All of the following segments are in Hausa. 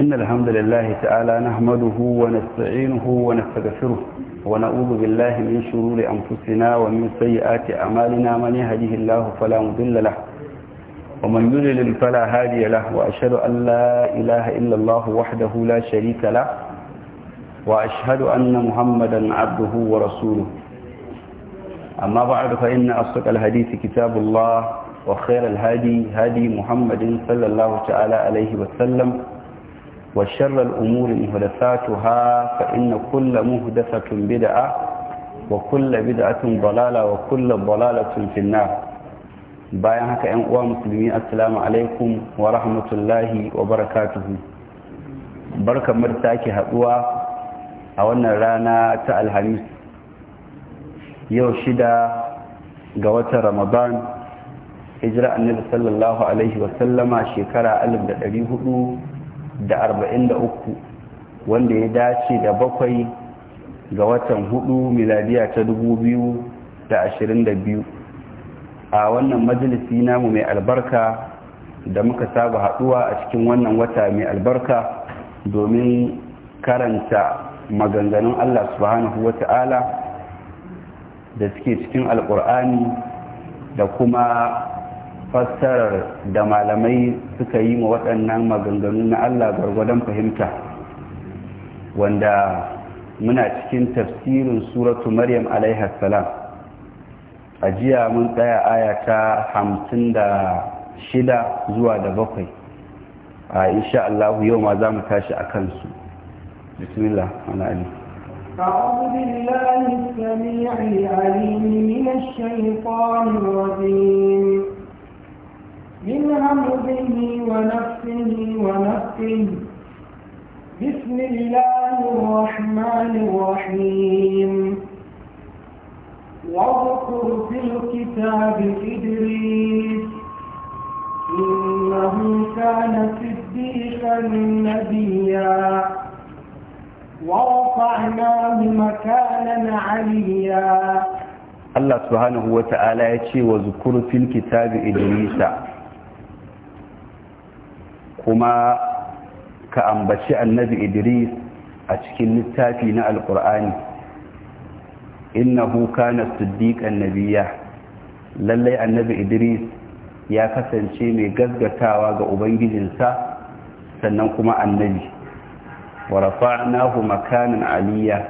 إن الحمد لله تعالى نحمده ونستعينه ونستغفره ونعوذ بالله من شرور أنفسنا ومن سيئات أعمالنا من يهده الله فلا مضل له ومن يضلل فلا هادي له وأشهد أن لا إله إلا الله وحده لا شريك له وأشهد أن محمدا عبده ورسوله أما بعد فإن أصدق الحديث كتاب الله وخير الهادي هادي محمد صلى الله تعالى عليه وسلم وشر الأمور مهدفاتها فإن كل مهدفة بدعة وكل بدعة ضلالة وكل ضلالة في النار bayan haka ‘yan uwa musulmi assalamu alaikum wa rahmatullahi wa barakatuhu barkan mu sake haɗuwa a wannan rana ta alhamis yau shida ga watan ramadan hijira annabi sallallahu alaihi wasallama shekara 1400 da arba'in da uku wanda ya dace da bakwai ga watan hudu miladiya ta dubu biyu da ashirin da biyu a wannan majalisi namu mai albarka da muka saba haduwa a cikin wannan wata mai albarka domin karanta maganganun Allah subhanahu wa ta'ala da suke cikin alkur'ani da kuma fassarar da malamai suka yi ma waɗannan maganganu na Allah gargwadon fahimta wanda muna cikin tafsirin suratu maryam alaihi salam a jiya mun tsaya aya ta hamsin da shida zuwa da bakwai a insha Allah yau ma za mu tashi a kansu bismillah ana ali أعوذ بالله السميع العليم من الشيطان الرجيم من همزه ونفسه ونفسه بسم الله الرحمن الرحيم واذكر في الكتاب إدريس إنه كان صديقا نبيا ورفعناه مكانا عليا الله سبحانه وتعالى يقول واذكر في الكتاب إدريس kuma ka ambaci annabi idris a cikin littafi na alkur'ani innahu kana siddiqan nabiyya lallai annabi idris ya kasance mai gaggatawa ga ubangijinsa sannan kuma annabi wa rafa'nahu makanan aliyya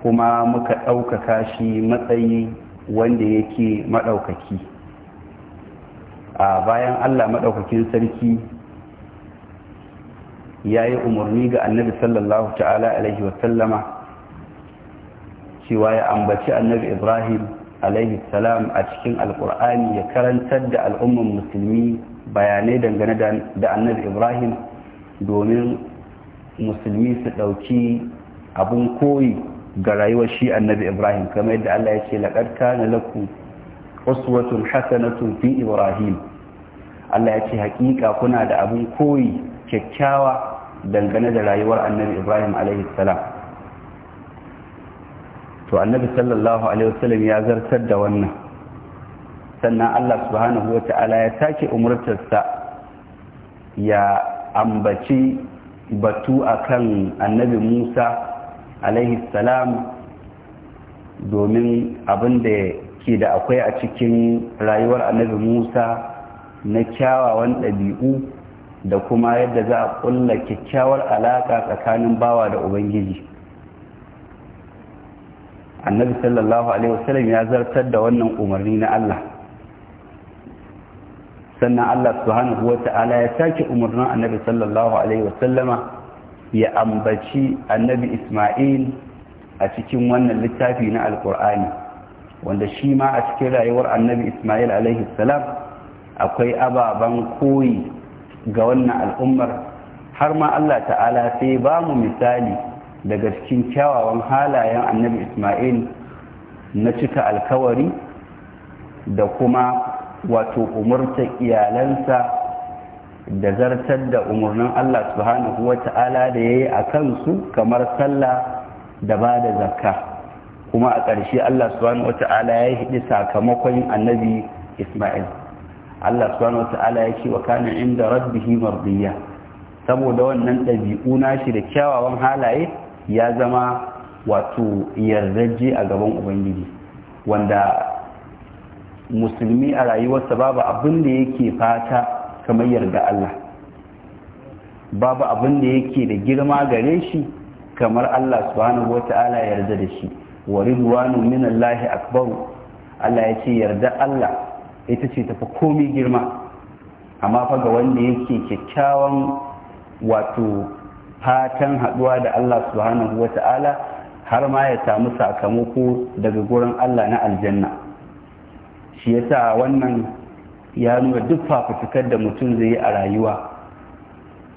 kuma muka ɗaukaka shi matsayi wanda yake maɗaukaki a bayan allah maɗaukakin sarki ya yi umarni ga annabi sallallahu ta'ala alaihi wasallama cewa ya ambaci annabi ibrahim alaihi salam a cikin alkur'ani ya karantar da al'umman musulmi bayanai dangane da annabi ibrahim domin musulmi su ɗauki abun koyi ga rayuwar shi annabi ibrahim kamar yadda allah ya ce laƙar kana lakum uswatun hasanatun fi ibrahim allah ya ce haƙiƙa kuna da abun koyi kyakkyawa dangane da rayuwar annabi ibrahim alaihi salam to annabi sallallahu alaihi wasallam ya zartar da wannan sannan allah subhanahu wata'ala ya take umurtarsa ya ambaci batu akan annabi musa alaihi salam domin abin da ke da akwai a cikin rayuwar annabi musa na kyawawan ɗabi'u da kuma yadda za a kulla kyakkyawar alaka tsakanin bawa da ubangiji annabi sallallahu alaihi wasallam ya zartar da wannan umarni na Allah sannan Allah subhanahu wata'ala ya sake umarnin annabi sallallahu alaihi wasallama ya ambaci annabi Isma'il a cikin wannan littafi na alkur'ani wanda shi ma a cikin rayuwar annabi Isma'il alaihi salam akwai ababen koyi ga wannan al'ummar har ma Allah ta'ala sai ba mu misali daga cikin kyawawan halayen annabi Ismail na cika alkawari da kuma wato umurta iyalansa da zartar da umarnin Allah subhanahu wa ta'ala da ya yi a kansu kamar sallah da ba da zakka kuma a ƙarshe Allah subhanahu wa ta'ala ya yi hidi sakamakon annabi Ismail Allah subhanahu wata'ala ya ce wa kana inda rabbihi mardiya saboda wannan ɗabi'u nashi da kyawawan halaye ya zama wato yardaje a gaban ubangiji wanda musulmi a rayuwarsa babu abin da yake fata kamar yarda Allah babu abin da yake da girma gare shi kamar Allah subhanahu wata'ala yarda da shi wa ridwanu minallahi akbaru Allah ya ce yarda Allah ita ce tafi komi girma amma fa ga wanda yake kyakkyawan wato fatan haɗuwa da Allah subhanahu ta'ala har ma ya samu sakamako daga gurin Allah na aljanna shi yasa wannan ya nuna duk fafutukar da mutum zai yi a rayuwa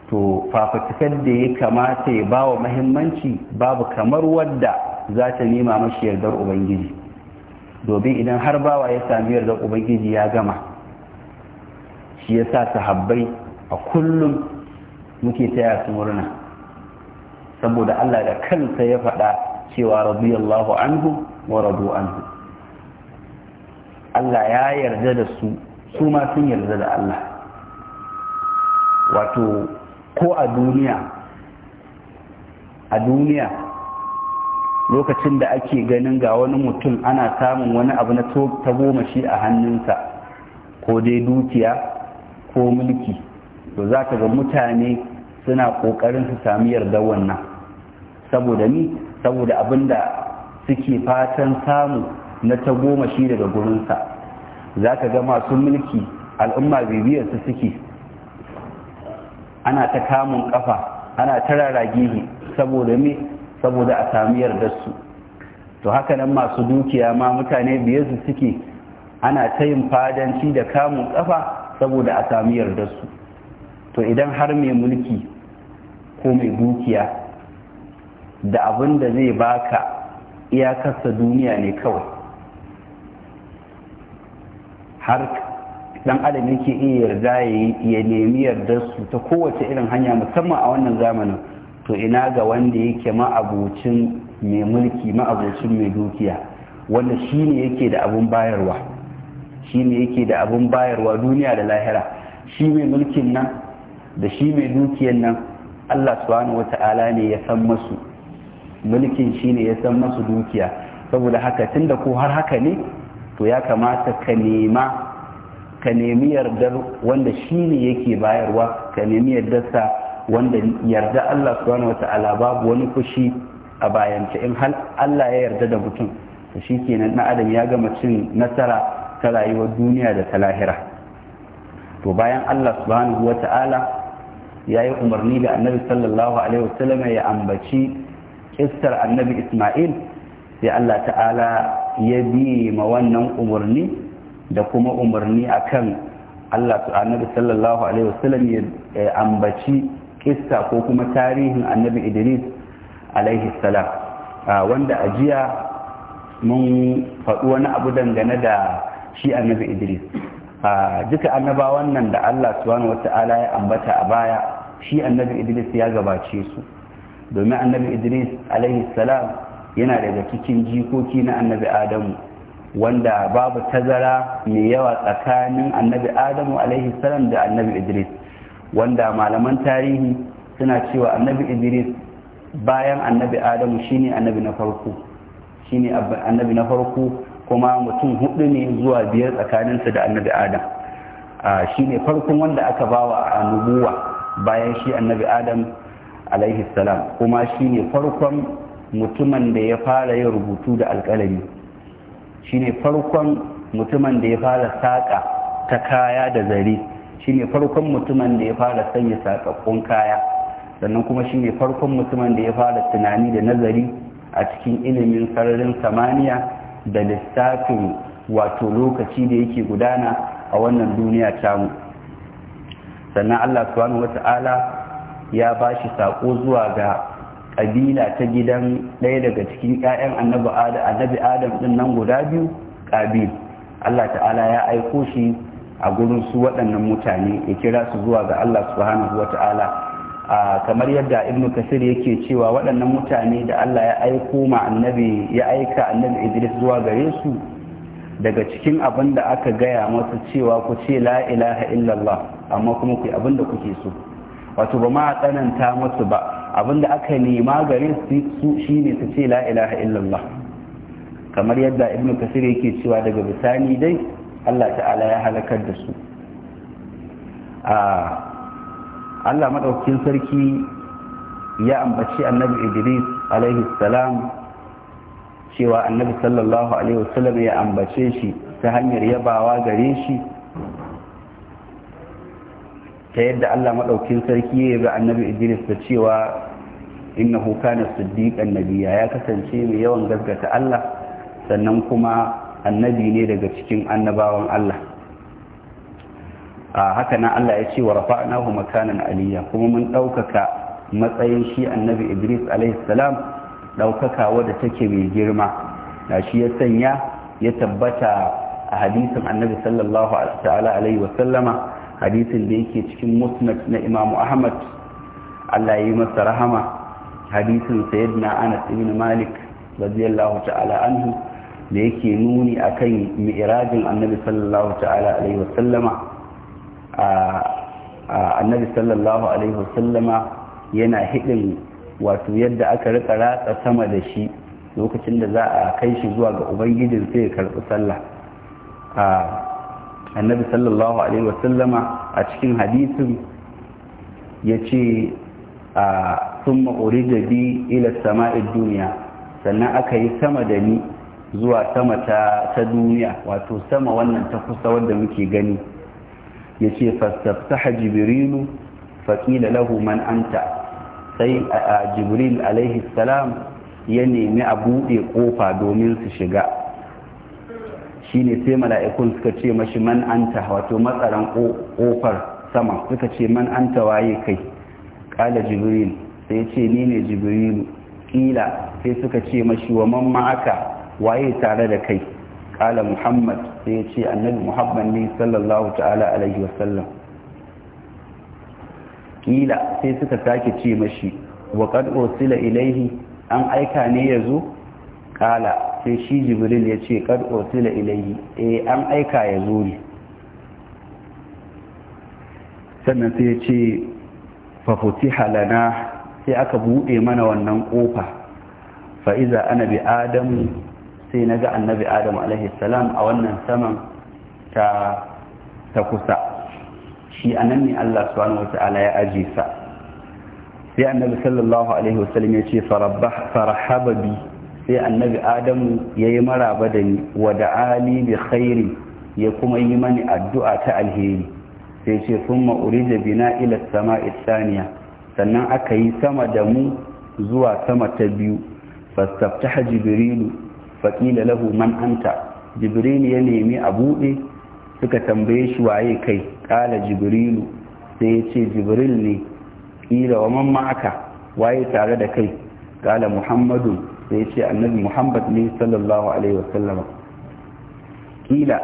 to fafutukar da ya kamata ya ba wa mahimmanci babu kamar wadda za ta nema mashi yardar ubangiji domin idan har bawa ya sami yardar ubangiji ya gama shi ya sa sahabbai a kullum muke taya su murna saboda Allah da kansa ya faɗa cewa radiyallahu anhu wa radu anhu Allah ya yarda da su su ma sun yarda da Allah wato ko a duniya a duniya lokacin da ake ganin ga wani mutum ana samun wani abu na ta tagomashi a hannunsa ko dai dukiya ko mulki to za ka ga mutane suna ƙoƙarin su sami yarda wannan saboda ni saboda abin da suke fatan samu na tagomashi daga gurinsa za ka ga masu mulki al'umma bibiyarsu suke ana ta kamun kafa ana ta rarage saboda me saboda a sami yardarsu to haka nan masu dukiya ma mutane biye su suke ana ta yin fadanci da kamun kafa saboda a sami yardarsu to idan har mai mulki ko mai dukiya da abin da zai baka iyakarsa duniya ne kawai har dan adam yake iya yarda ya nemi yardarsu ta kowace irin hanya musamman a wannan zamanin to ina ga wanda yake ma'abocin mai mulki ma'abocin mai dukiya wanda shi ne yake da abun bayarwa shi ne yake da abun bayarwa duniya da lahira shi mai mulkin nan da shi mai dukiyan nan allah subhanahu ne ya san masu mulkin shi ne ya san masu dukiya saboda haka tun da ko har haka ne to ya kamata ka nema ka nemi yardar wanda shi ne yake bayarwa ka nemi yardarsa wanda yarda Allah subhanahu ta'ala babu wani fushi a bayanta in hal Allah ya yarda da mutum to shikenan na adam ya gama cin nasara ta rayuwar duniya da ta lahira to bayan Allah subhanahu ta'ala ya yi umarni da annabi sallallahu alaihi wasallam ya ambaci kistar annabi Ismail sai Allah ta'ala ya bi ma wannan umarni da kuma umarni akan Allah annabi sallallahu alaihi wasallam ya ambaci kissa ko kuma tarihin annabi idris alaihi salam ah, wanda a jiya mun faɗi wani abu dangane da shi annabi idris ah, duka annaba wannan da allah subhanahu wata'ala ya ambata a baya shi annabi idris ya gabace su domin annabi idris alaihi salam yana daga cikin jikoki na annabi adamu wanda babu tazara mai yawa tsakanin annabi adamu alaihi salam da annabi idris wanda malaman tarihi suna cewa annabi idris bayan annabi adamu shine annabi na farko shine annabi na farko kuma mutum hudu ne zuwa biyar tsakaninsu da annabi adam shine farkon wanda aka bawa a nubuwa bayan shi annabi adam alaihi salam kuma shine farkon mutumin da ya fara yin rubutu da alkalami shine farkon mutumin da ya fara saƙa ta kaya da zare shine farkon mutumin da ya fara sanya sakakkun kaya sannan kuma shine farkon mutumin da ya fara tunani da nazari a cikin ilimin sararin samaniya da lissafin wato lokaci da yake gudana a wannan duniya tamu sannan Allah subhanahu wata'ala ya ba shi sako zuwa ga ƙabila ta gidan ɗaya daga cikin 'ya'yan annabi adam ɗin nan guda biyu ƙabil Allah ta'ala ya aiko shi a gurin su waɗannan mutane ya kira su zuwa ga Allah subhanahu wa ta'ala kamar yadda ibnu kasir yake cewa waɗannan mutane da Allah ya aiko ma annabi ya aika annabi Idris zuwa gare su daga cikin abin da aka gaya masu cewa ku ce la ilaha illallah amma kuma ku abin da kuke so wato ba ma tsananta masu ba abin da aka nema gare su shine su ce la ilaha illallah kamar yadda ibnu kasir yake cewa daga bisani dai Allah ta'ala ya halakar da su Allah maɗaukin sarki ya ambaci annabi idris alaihi salam cewa annabi sallallahu alaihi wasallam ya ambace shi ta hanyar yabawa gare shi ta yadda Allah maɗaukin sarki ya yabi annabi idris da cewa innahu kana siddiqan nabiyya ya kasance mai yawan gaskata Allah sannan kuma annabi ne daga cikin annabawan Allah a haka nan Allah ya ce wa rafa'nahu makanan aliyya kuma mun ɗaukaka matsayin shi annabi Idris alaihi salam ɗaukaka wadda take mai girma na shi ya sanya ya tabbata a hadisin annabi sallallahu alaihi wa sallama hadisin da yake cikin musnad na Imam Ahmad Allah ya yi masa rahama hadisin sayyidina Anas ibn Malik radiyallahu ta'ala anhu da yake nuni a kan mi'rajin annabi sallallahu ta'ala alaihi wasallama annabi sallallahu alaihi wasallama yana hidin wato yadda aka rika ratsa sama da shi lokacin da za a kai shi zuwa ga ubangijin sai ya karɓi sallah annabi sallallahu alaihi wasallama a cikin hadisin ya ce sun da bi ila sama'in duniya sannan aka yi sama da ni zuwa sama ta ta duniya wato sama wannan ta kusa wadda muke gani yace fastaftaha jibrilu faqila lahu man anta sai a jibril alaihi salam ya nemi a buɗe ƙofa domin su shiga shine sai mala'ikun suka ce mashi man anta wato matsaran ƙofar sama suka ce man anta waye kai ƙala jibril sai ce ni ne jibrilu ƙila sai suka ce mashi wa man ma'aka waye tare da kai kala muhammad sai ya ce annabi muhammad ne sallallahu ta'ala alaihi wasallam kila sai suka sake ce mashi wa qad ursila ilaihi an aika ne yazo kala sai shi jibril ya ce qad ursila ilaihi eh an aika yazo ne sannan sai ya ce futiha halana sai aka bude mana wannan fa fa'iza ana bi adamu sai na ga annabi adam salam a wannan saman ta kusa shi anan ne Allah subhanahu wata'ala ya aje sa sai annabi sallallahu alaihi wasallam ya ce farahaba bi sai annabi adamu ya yi maraba da ni wada da'ali bi khairi ya kuma yi mani addu'a ta alheri sai ce sun ma'urija bina ila sama isaniya sannan aka yi sama da mu zuwa sama ta biyu fastaftaha jibrilu faƙila lahu man anta jibril ya nemi a buɗe suka tambaye shi waye kai ƙala jibrilu sai ya ce jibril ne ƙila wa man ma'aka waye tare da kai ƙala muhammadu sai ya ce annabi muhammad ne sallallahu alaihi wasallama ƙila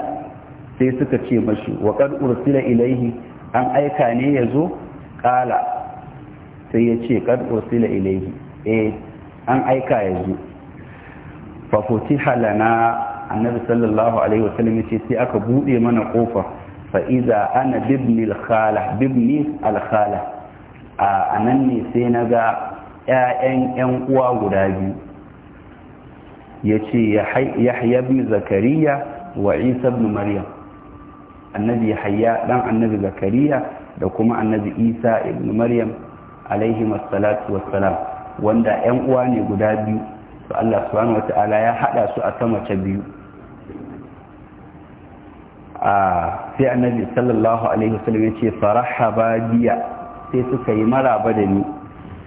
sai suka ce mashi wa ƙad ursila ilaihi an aika ne ya zo ƙala sai ya ce ƙad ursila ilaihi eh an aika ya zo fa futiha annabi sallallahu alaihi wasallam ce sai aka bude mana kofa fa iza ana bibni al-khala bibni al-khala a nan ne sai naga ƴaƴan ƴan uwa guda biyu yace yahya ibn zakariya wa isa ibn maryam annabi yahya dan annabi zakariya da kuma annabi isa ibn maryam alaihi wassalatu wassalam wanda ƴan uwa ne guda biyu to Allah subhanahu wata'ala ya hada su a sama ta biyu a sai annabi sallallahu alaihi wasallam ya ce faraha badiya sai suka yi maraba da ni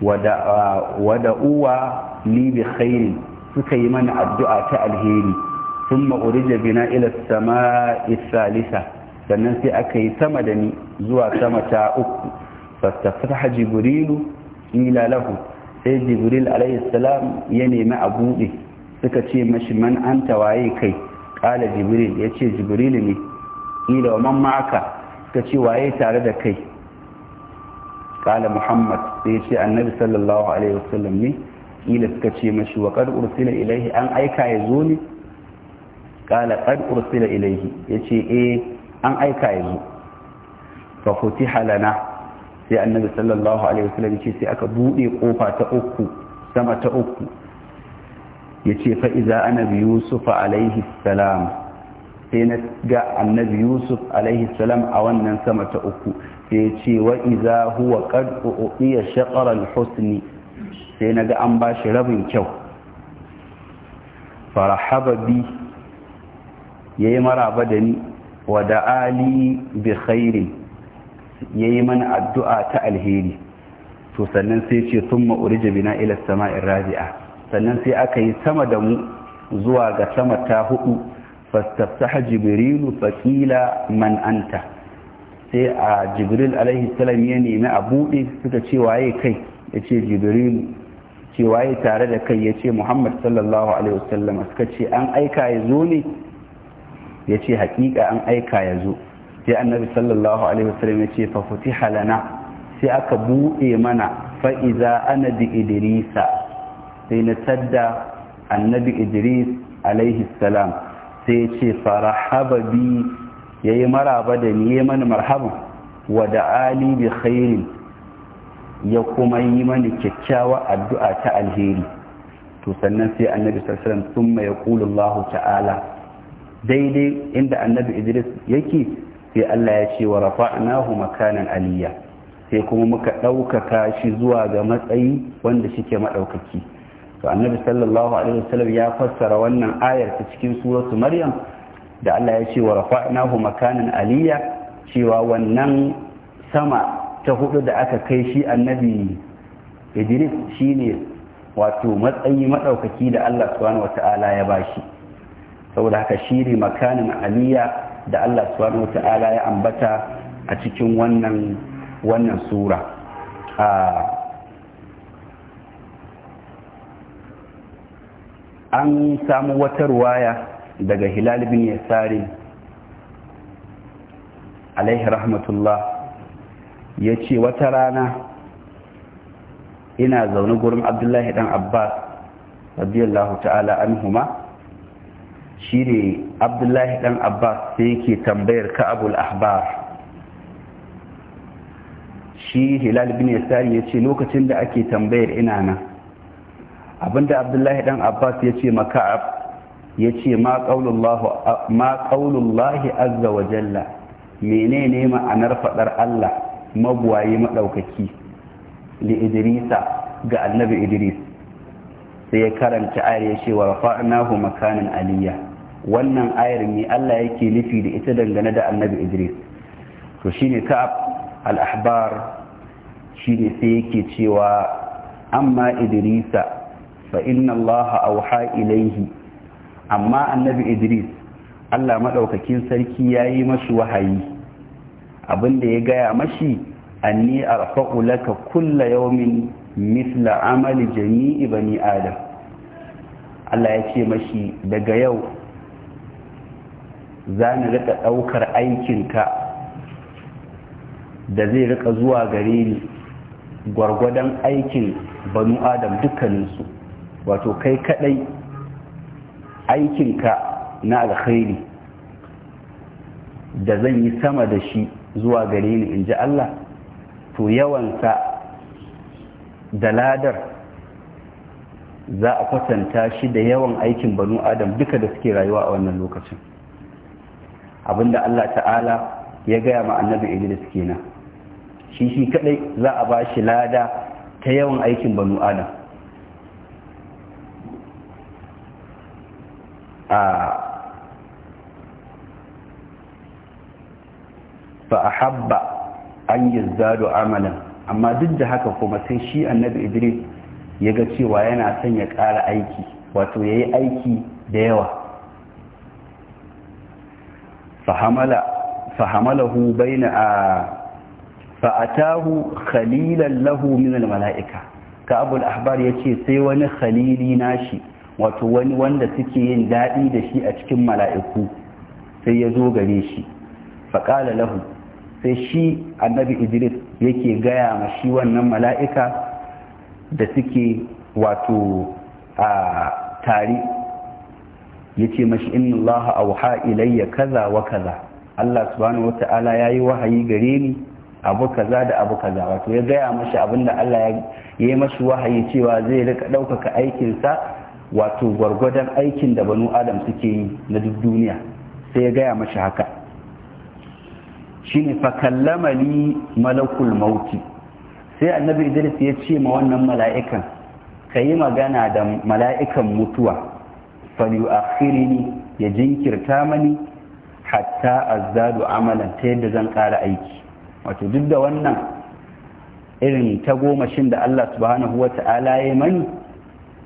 wada uwa li bi khairi suka yi mana addu'a ta alheri thumma urija bina ila samai salisa sannan sai aka yi sama da ni zuwa sama ta uku fastaftaha jibrilu ila lahu sai jibril alaihissalam ya nemi a buɗe suka ce mashi man an tawaye kai ƙala jibril ya ce jibril ne ƙila wa man ma'aka suka ce waye tare da kai ƙala muhammad sai ya ce annabi sallallahu alaihi wasallam ne ƙila suka ce mashi wa ƙar ursila ilaihi an aika ya zo ne ƙala ƙar ursila ilaihi ya ce eh an aika ya zo fa kuti halana sai annabi sallallahu alaihi wasallam ce sai aka bude kofa ta uku sama ta uku yace fa iza annabi yusuf alaihi salam sai na ga annabi yusuf alaihi salam a wannan sama ta uku sai yace wa iza huwa qad uqiya shaqara al-husni sai na ga an bashi rabin kyau farahaba bi yayi maraba da ni wa da'ali bi khairin ya yi mana addu'a ta alheri to sannan sai ce sun mauri jabina ila sama'in raji'a sannan sai aka yi sama da mu zuwa ga sama ta hudu fastaftaha jibrilu faƙila Man'anta sai a jibril alaihi salam ya nemi a buɗe suka ce waye kai ya ce jibrilu ce waye tare da kai ya ce muhammad sallallahu alaihi wasallam suka ce an aika ya zo ne ya ce haƙiƙa an aika ya zo sai annabi sallallahu alaihi wasallam ya ce fa futiha lana sai aka buɗe mana fa iza ana bi idrisa sai na tadda annabi idris alaihi salam sai ya ce farahaba bi yayi maraba da ni yayi mana marhaban wa da ali bi khairin ya kuma yi mani kyakkyawa addu'a ta alheri to sannan sai annabi sallallahu alaihi wasallam summa yaqulu Allah ta'ala daidai inda annabi idris yake sai Allah ya ce wa rafa'nahu makanan aliyya sai kuma muka ɗaukaka shi zuwa ga matsayi wanda shike maɗaukaki to annabi sallallahu alaihi wasallam ya fassara wannan ayar ta cikin suratu maryam da Allah ya ce wa rafa'nahu makanan aliyya cewa wannan sama ta hudu da aka kai shi annabi Idris shine wato matsayi maɗaukaki da Allah subhanahu ya bashi saboda haka shiri makanin aliyya da Allah subhanahu wata'ala ya ambata a cikin wannan wannan sura an samu wata ruwaya daga hilal bin yasari alaihi rahmatullah ya ce wata rana ina zaune gurin abdullahi dan abbas radiyallahu ta'ala anhuma shine abdullahi dan abbas sai yake tambayar ka'abul ahbar shi hilal bin yasari ya ce lokacin da ake tambayar ina nan abinda abdullahi dan abbas ya ce Ka'ab ya ce ma ƙaunullahi azza wa jalla menene ma'anar faɗar allah magwaye maɗaukaki li idrisa ga annabi idris sai ya karanta ariya ya ce wa rafa'nahu makanan aliyya wannan ayar ne Allah yake nufi da ita dangane da annabi Idris to shine ka'ab al-ahbar shine sai yake cewa amma Idrisa fa inna Allah auha ilaihi amma annabi Idris Allah madaukakin sarki yayi mashi wahayi abinda ya gaya mashi anni arfa'u laka kulla yawmin mithla amali jami'i bani adam Allah ya ce mashi daga yau za ni rika ɗaukar aikinka da zai rika zuwa gare ni gwargwadon aikin banu adam dukkaninsu wato kai kadai aikinka na alkhairi da zan yi sama da shi zuwa gare ni in ji Allah to yawansa da ladar za a kwatanta shi da yawan aikin banu adam duka da suke rayuwa a wannan lokacin abinda Allah ta'ala ya gaya ma annabi Idris kenan shi shi kadai za a ba shi lada ta yawan aikin banu adam a fa ahabba an yazdadu amalan amma duk da haka kuma sai shi annabi idris ya ga cewa yana son ya ƙara aiki wato ya yi aiki da yawa fahamala fahamalahu baina a fa'atahu khalilan lahu min almala'ika ka abul ahbar yace sai wani khalili nashi wato wani wanda suke yin daɗi da shi a cikin mala'iku sai ya zo gare shi faƙala lahu sai shi annabi idris yake gaya ma shi wannan mala'ika da suke wato a tare Ya yace mashi inna allaha auha ilayya kaza wa kaza Allah subhanahu wata'ala yi wahayi gare ni abu kaza da abu kaza wato ya gaya mashi abinda Allah ya yi mashi wahayi cewa zai rika ɗaukaka aikinsa wato gwargwadon aikin da banu adam suke yi na duk duniya sai ya gaya mashi haka shine fakallama li malakul mauti sai annabi idris ya ce ma wannan mala'ikan ka yi magana da mala'ikan mutuwa falyu'akhirini ya jinkirta mani hatta azdadu amalan ta yadda zan ƙara aiki wato duk da wannan irin ta goma shin da Allah subhanahu wa ta'ala ya mani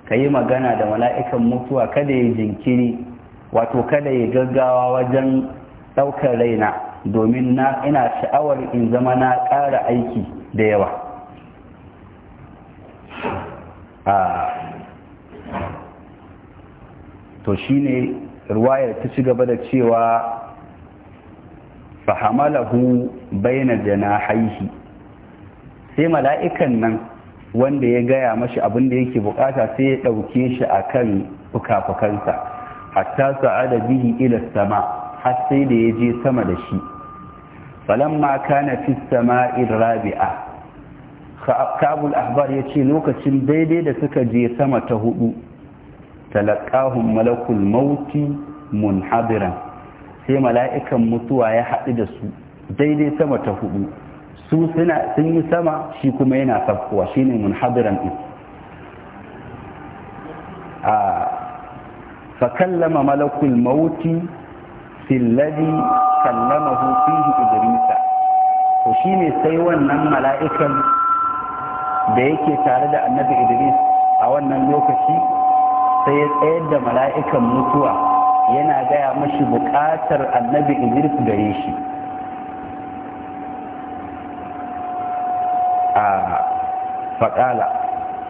ka yi magana da mala'ikan mutuwa kada ya jinkiri wato kada ya gaggawa wajen ɗaukar raina domin na ina sha'awar in zama na ƙara aiki da yawa to shi ne ruwayar ta ci gaba da cewa fahamalahu baina haihi sai mala'ikan nan wanda ya gaya mashi abin da yake bukata sai ya ɗauke shi a kan fukafukansa hatta sa'ada bihi ila sama har sai da ya je sama da shi falamma kana fi sama'ir rabi'a kabul ahbar ya ce lokacin daidai da suka je sama ta hudu talaqahum malakul mauti munhadiran sai mala'ikan mutuwa ya haɗu da su daidai sama ta hudu su suna sun yi sama shi kuma yana safkuwa shine munhadiran din a fakallama malakul mauti filladi kallama fihi idrisa to shine sai wannan mala'ikan da yake tare da annabi idris a wannan lokaci sai ya tsayar da mala'ikan mutuwa yana gaya mashi buƙatar annabi idris gare shi a faƙala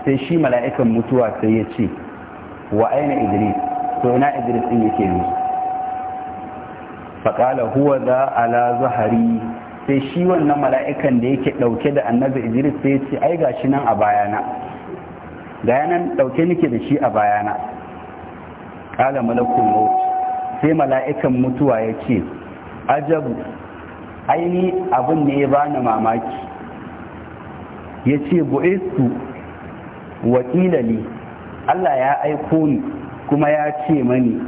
sai shi mala'ikan mutuwa sai ya ce wa aina idris to ina idris din yake yanzu faƙala huwa za ala zahari sai shi wannan mala'ikan da yake ɗauke da annabi idris sai ya ce ai gashi nan a bayana ga yanan ɗauke nike da shi a bayana ƙala malakul maut sai mala'ikan mutuwa ya ce ajabu aini abin ne ya bani mamaki ya ce bu'istu wakilali Allah ya aiko ni kuma ya ce mani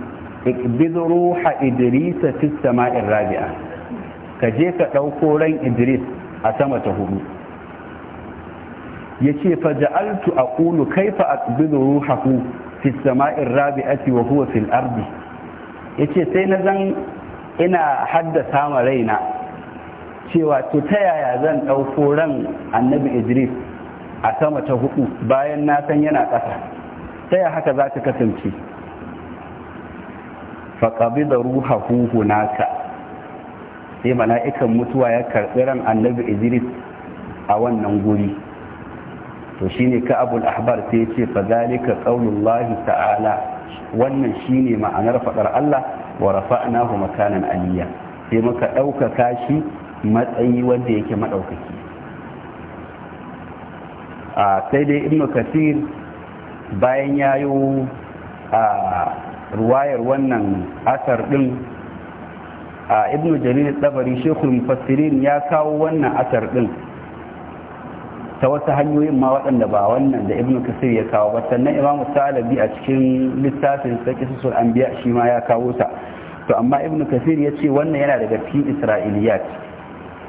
ikbiz ruha idrisa fi sama'ir rabi'a ka je ka ɗauko ran idris a sama ta hudu yace fa ja'altu aqulu kaifa aqbidu ruhahu fi samai rabi'ati wa huwa fil ardi yace sai na zan ina haddasa ma raina cewa to ta yaya zan ɗauko ran annabi idris a sama ta hudu bayan na san yana ƙasa ta yaya haka za ta kasance faƙabi da ruha huhu naka sai mala'ikan mutuwa ya karɓi ran annabi idris a wannan guri to shine Abul'ahbar ahbar sai yace fa zalika qaulullahi ta'ala wannan shine ma'anar fadar Allah wa rafa'nahu makanan aliyya sai muka ɗaukaka shi matsayi wanda yake madaukaki a sai dai ibnu kasir bayan yayo a ruwayar wannan asar din a ibnu jarir tabari shekul mufassirin ya kawo wannan asar din ta wasu hanyoyin ma waɗanda ba wannan da ibn kasir ya kawo ba sannan imamu salabi a cikin littafin sussur an anbiya shi ma ya kawo ta to amma ibn kasir ya ce wannan yana daga cikin isra'iliyat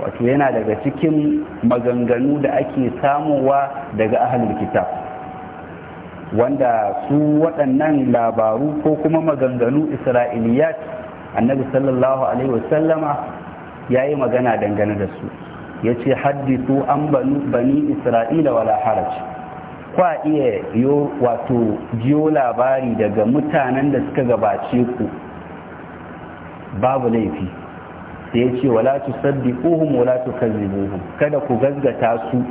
wato yana daga cikin maganganu da ake samowa daga ahalin kitab wanda su waɗannan labaru ko kuma maganganu isra'iliyat annabi sallallahu alaihi wasallama ya yi magana dangane da su ya ce haddisu an bani isra'ila wala haraj kwa iya yo wato jiyo labari daga mutanen da suka gabace ku babu laifi sai ya ce wala tu saddiquhum wala tu kada ku gazgata su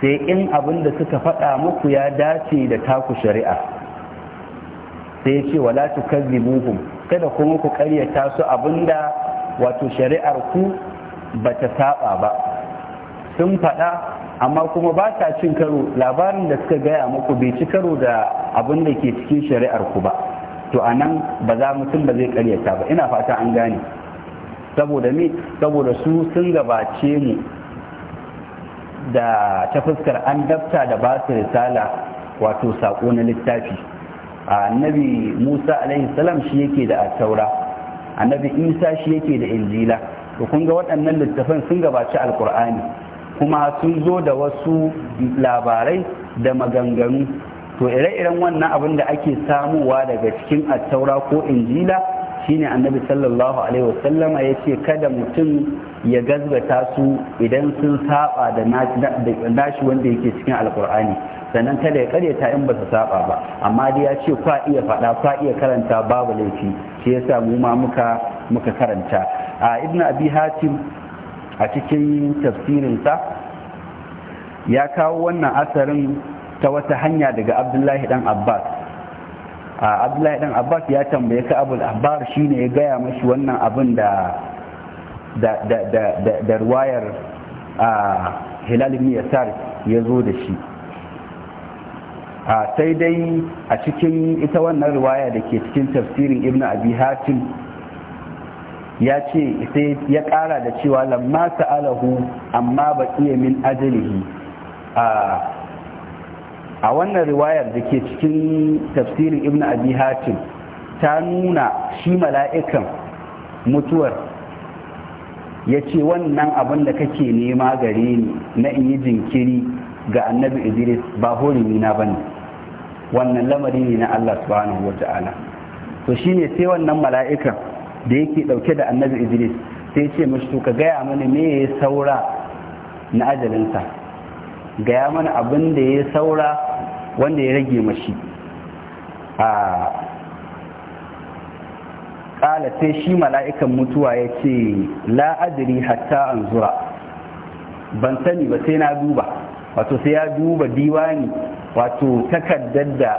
sai in abin da suka faɗa muku ya dace da taku shari'a sai ya ce wala tukazzibuhum kada kuma ku ƙaryata su abinda wato shari'ar ku ba ta saba ba sun faɗa amma kuma ba ta cin karo labarin da suka gaya muku bai ci karo da abin da ke cikin shari'ar ku ba to a nan ba za mutum ba zai karyata ba ina fata an gane saboda me saboda su sun gabace mu da ta fuskar an dabta da ba su risala wato sako na littafi annabi musa alaihi salam shi yake da taura annabi isa shi yake da injila to kun ga waɗannan littafan sun gabaci alkur'ani kuma sun zo da wasu labarai da maganganu to ire-iren wannan abin da ake samuwa daga cikin attaura ko injila shine annabi sallallahu alaihi wasallama ya ce kada mutum ya gazgata su idan sun saba da nashi wanda yake cikin alkur'ani sannan kada ya karyata in ba su saba ba amma dai ya ce kwa iya faɗa kwa iya karanta babu laifi shi ya mu ma muka muka karanta a ibn abi hatim a cikin tafsirinsa ya kawo wannan asarin ta wata hanya daga abdullahi dan abbas a abdullahi dan abbas ya tambaye ka abul ahbar shine ya gaya mashi wannan abin da da da da da ruwayar hilal ibn yasar ya zo da shi a sai dai a cikin ita wannan riwaya da ke cikin tafsirin ibn abi hatim ya ce sai ya ƙara da cewa lamma sa'alahu amma ba iya min ajalihi a wannan riwayar da ke cikin tafsirin ibn abi hatim ta nuna shi mala'ikan mutuwar ya ce wannan abin da kake nema gare ni na in yi jinkiri ga annabi idris ba horimi na ne. wannan lamari ne na allah subhanahu wa ta'ala to shine sai wannan mala'ikan da yake dauke da annabi idris sai ce mashi to ka gaya mana me ya saura na ajalinsa gaya mana abin da ya saura wanda ya rage mashi a Kala sai shi mala'ikan mutuwa ya ce la'adiri hatta an zura ban sani ba sai na duba wato sai ya duba diwani wato takardar da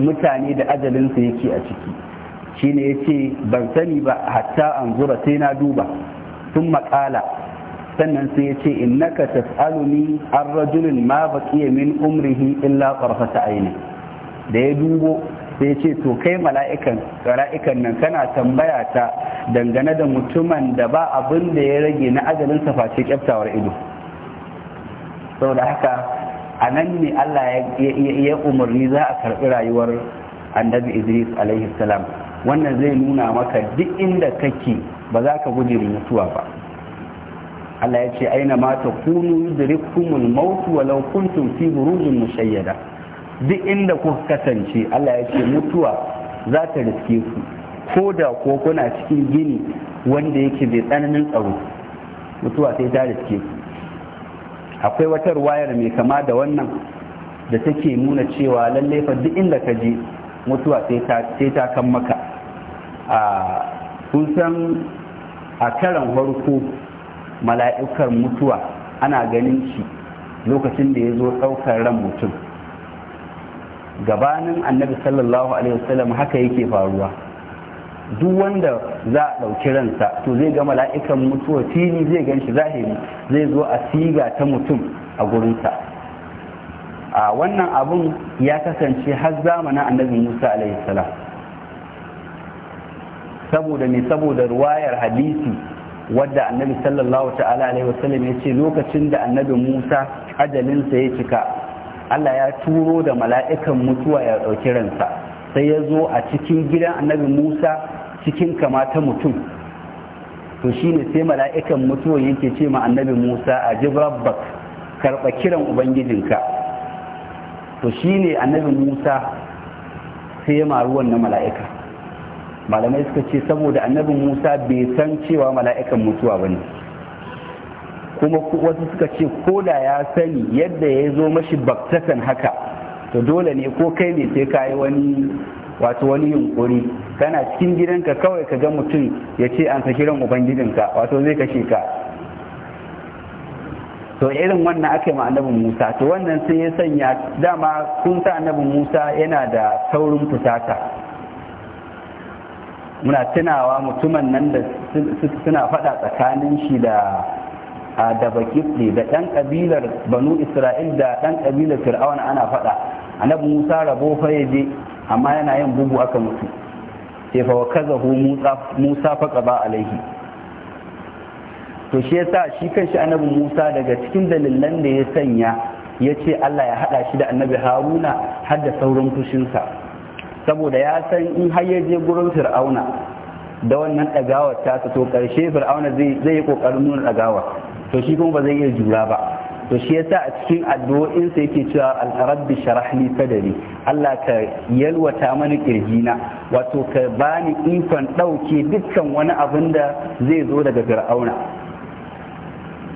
mutane da ajalinsa yake a ciki shine ya ce ban sani ba hatta an zura sai na duba sun maƙala sannan sai ya ce in naka tas'aluni an rajulin ma baqiya min umrihi illa ta aini da ya dubo sai ya ce to kai mala'ikan mala'ikan nan kana tambaya ta dangane da mutumin da ba abin da ya rage na ajalin sa face kyaftawar ido saboda haka a nan ne Allah ya umarni za a karɓi rayuwar annabi Idris alaihi salam wannan zai nuna maka duk inda kake ba za ka guje mutuwa ba Allah ya ce aina ma ta kunu yudrikumul maut walau kuntum fi burujin mushayyada duk inda kuka kasance Allah ya ce mutuwa za ta riske ku ko da ko kuna cikin gini wanda yake bai tsananin tsaro mutuwa sai ta riske ku akwai wata ruwayar mai kama da wannan da take nuna cewa lallai fa duk inda ka je mutuwa sai ta kan maka a kun san a karan farko mala'ikar mutuwa ana ganin shi lokacin da ya zo ɗaukar ran mutum gabanin annabi sallallahu alaihi wasallam haka yake faruwa duk wanda za a ɗauki ransa to zai ga mala'ikan mutuwa fili zai gan shi zahiri zai zo a siga ta mutum a gurinsa a wannan abun ya kasance har zamanin annabi musa alaihi salam saboda ne saboda ruwayar hadisi wadda annabi sallallahu ta'ala alaihi wasallam ya ce lokacin da annabi musa ajalinsa ya cika allah ya turo da mala'ikan mutuwa ya ɗauki ransa sai ya zo a cikin gidan annabi musa cikin kamata mutum to shine sai mala'ikan mutuwa yake ce ma annabi musa a rabbak karɓa kiran ubangijinka to shine annabi musa sai ya maru wannan mala'ika malamai suka ce saboda annabin musa bai san cewa mala'ikan mutuwa ba ne kuma wasu suka ce ko da ya sani yadda ya zo mashi baktakan haka to dole ne ko kai ne sai ka yi wani wato wani yunkuri kana cikin gidanka kawai ka ga mutum ya ce an saki ran ubangijinka wato zai kashe ka to irin wannan aka yi ma annabin musa to wannan sai ya sanya dama kun sa annabin musa yana da saurin fusata muna tunawa mutumin nan da suna faɗa tsakanin shi da da bakifli da ɗan ƙabilar banu isra'il da ɗan ƙabilar fir'auna ana faɗa annabi musa rabo fa ya je amma yana yin bugu aka mutu sai fa hu musa faƙa ba alaihi to shi yasa shi kanshi annabi musa daga cikin dalilan da ya sanya ya ce allah ya haɗa shi da annabi haruna har da sauran fushinsa saboda ya san in har ya je gurin fir'auna da wannan ɗagawar ta to ƙarshe fir'auna zai yi ƙoƙarin nuna ɗagawa to shi kuma ba zai iya jura ba to shi yasa a cikin addu'o'insa yake cewa al-rabbi sharh li sadri Allah ka yalwata mani kirjina wato ka bani ikon dauke dukkan wani abin da zai zo daga fir'auna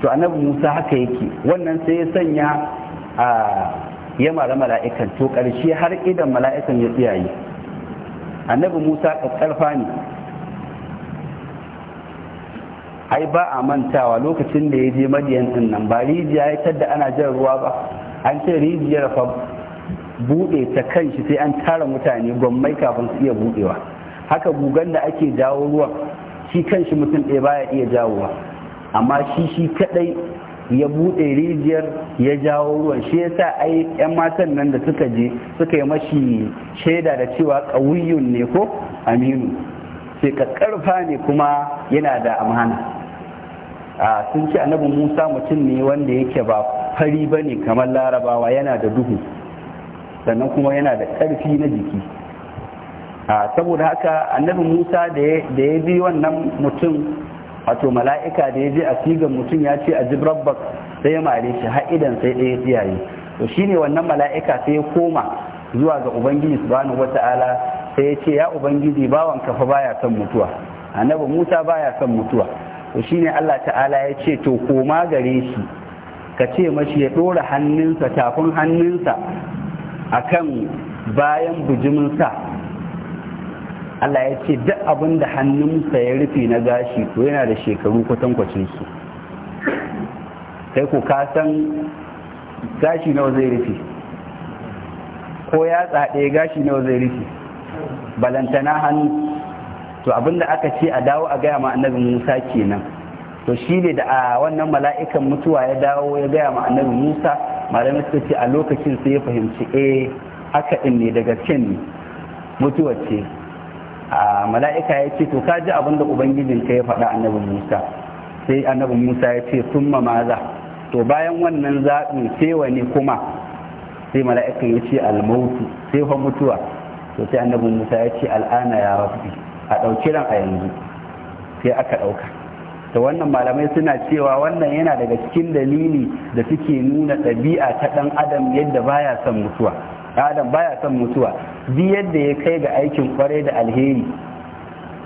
to annabi Musa haka yake wannan sai ya sanya a ya mara mala'ikan to ƙarshe har idan mala'ikan ya tsiyayi annabi musa ƙarfa ne ai ba a mantawa lokacin da ya je madiyan ɗin nan ba rijiya ya tadda ana jan ruwa ba an ce rijiyar fa buɗe ta kan shi sai an tara mutane gwammai kafin su iya buɗewa haka gugan da ake jawo ruwa shi kan shi mutum ɗaya baya iya jawo jawowa amma shi shi kaɗai ya buɗe rijiyar ya jawo ruwan shi ya yasa ai yan matan nan da suka je suka yi mashi shaida da cewa ƙawiyun ne ko aminu sai ka ƙarfa ne kuma yana da amana a sun ce annabi musa mutum ne wanda yake ba fari ba ne kamar larabawa yana da duhu sannan kuma yana da ƙarfi na jiki saboda haka annabi musa da ya bi wannan mutum wato mala'ika da ya je a sigan mutum ya ce a jibrabbak sai ya mare shi har idan sai ɗaya tsiyaye to shine wannan mala'ika sai ya koma zuwa ga ubangiji subhanahu wata'ala sai ya ce ya ubangiji bawan kafa baya son mutuwa annabi musa baya son mutuwa to shine allah ta'ala ya ce to koma gare shi ka ce mashi ya ɗora hannunsa tafin hannunsa akan bayan sa Allah ya ce duk abin da hannunsa ya rufe na gashi to yana da shekaru kwatankwacin su sai ka san gashi nawa zai rufe ko ya tsaɗe gashi nawa zai rufe balantana hannu to abin da aka ce a dawo a gaya ma annabi musa kenan to shi ne da a wannan mala'ikan mutuwa ya dawo ya gaya ma annabi musa malamai suka ce a lokacin sai ya fahimci eh haka in ne daga cin mutuwa ce a mala'ika ya ce to ka ji abin da ubangijin ka ya faɗa annabi musa sai annabi musa ya ce summa maza to bayan wannan zaɓin sai wani kuma sai mala'ika ya ce almautu sai fa mutuwa to sai annabi musa ya ce al'ana ya rabbi a ɗauki ran a yanzu sai aka ɗauka to wannan malamai suna cewa wannan yana daga cikin dalili da suke nuna ɗabi'a ta ɗan adam yadda baya son mutuwa adam baya son mutuwa duk yadda ya kai ga aikin kwarai da alheri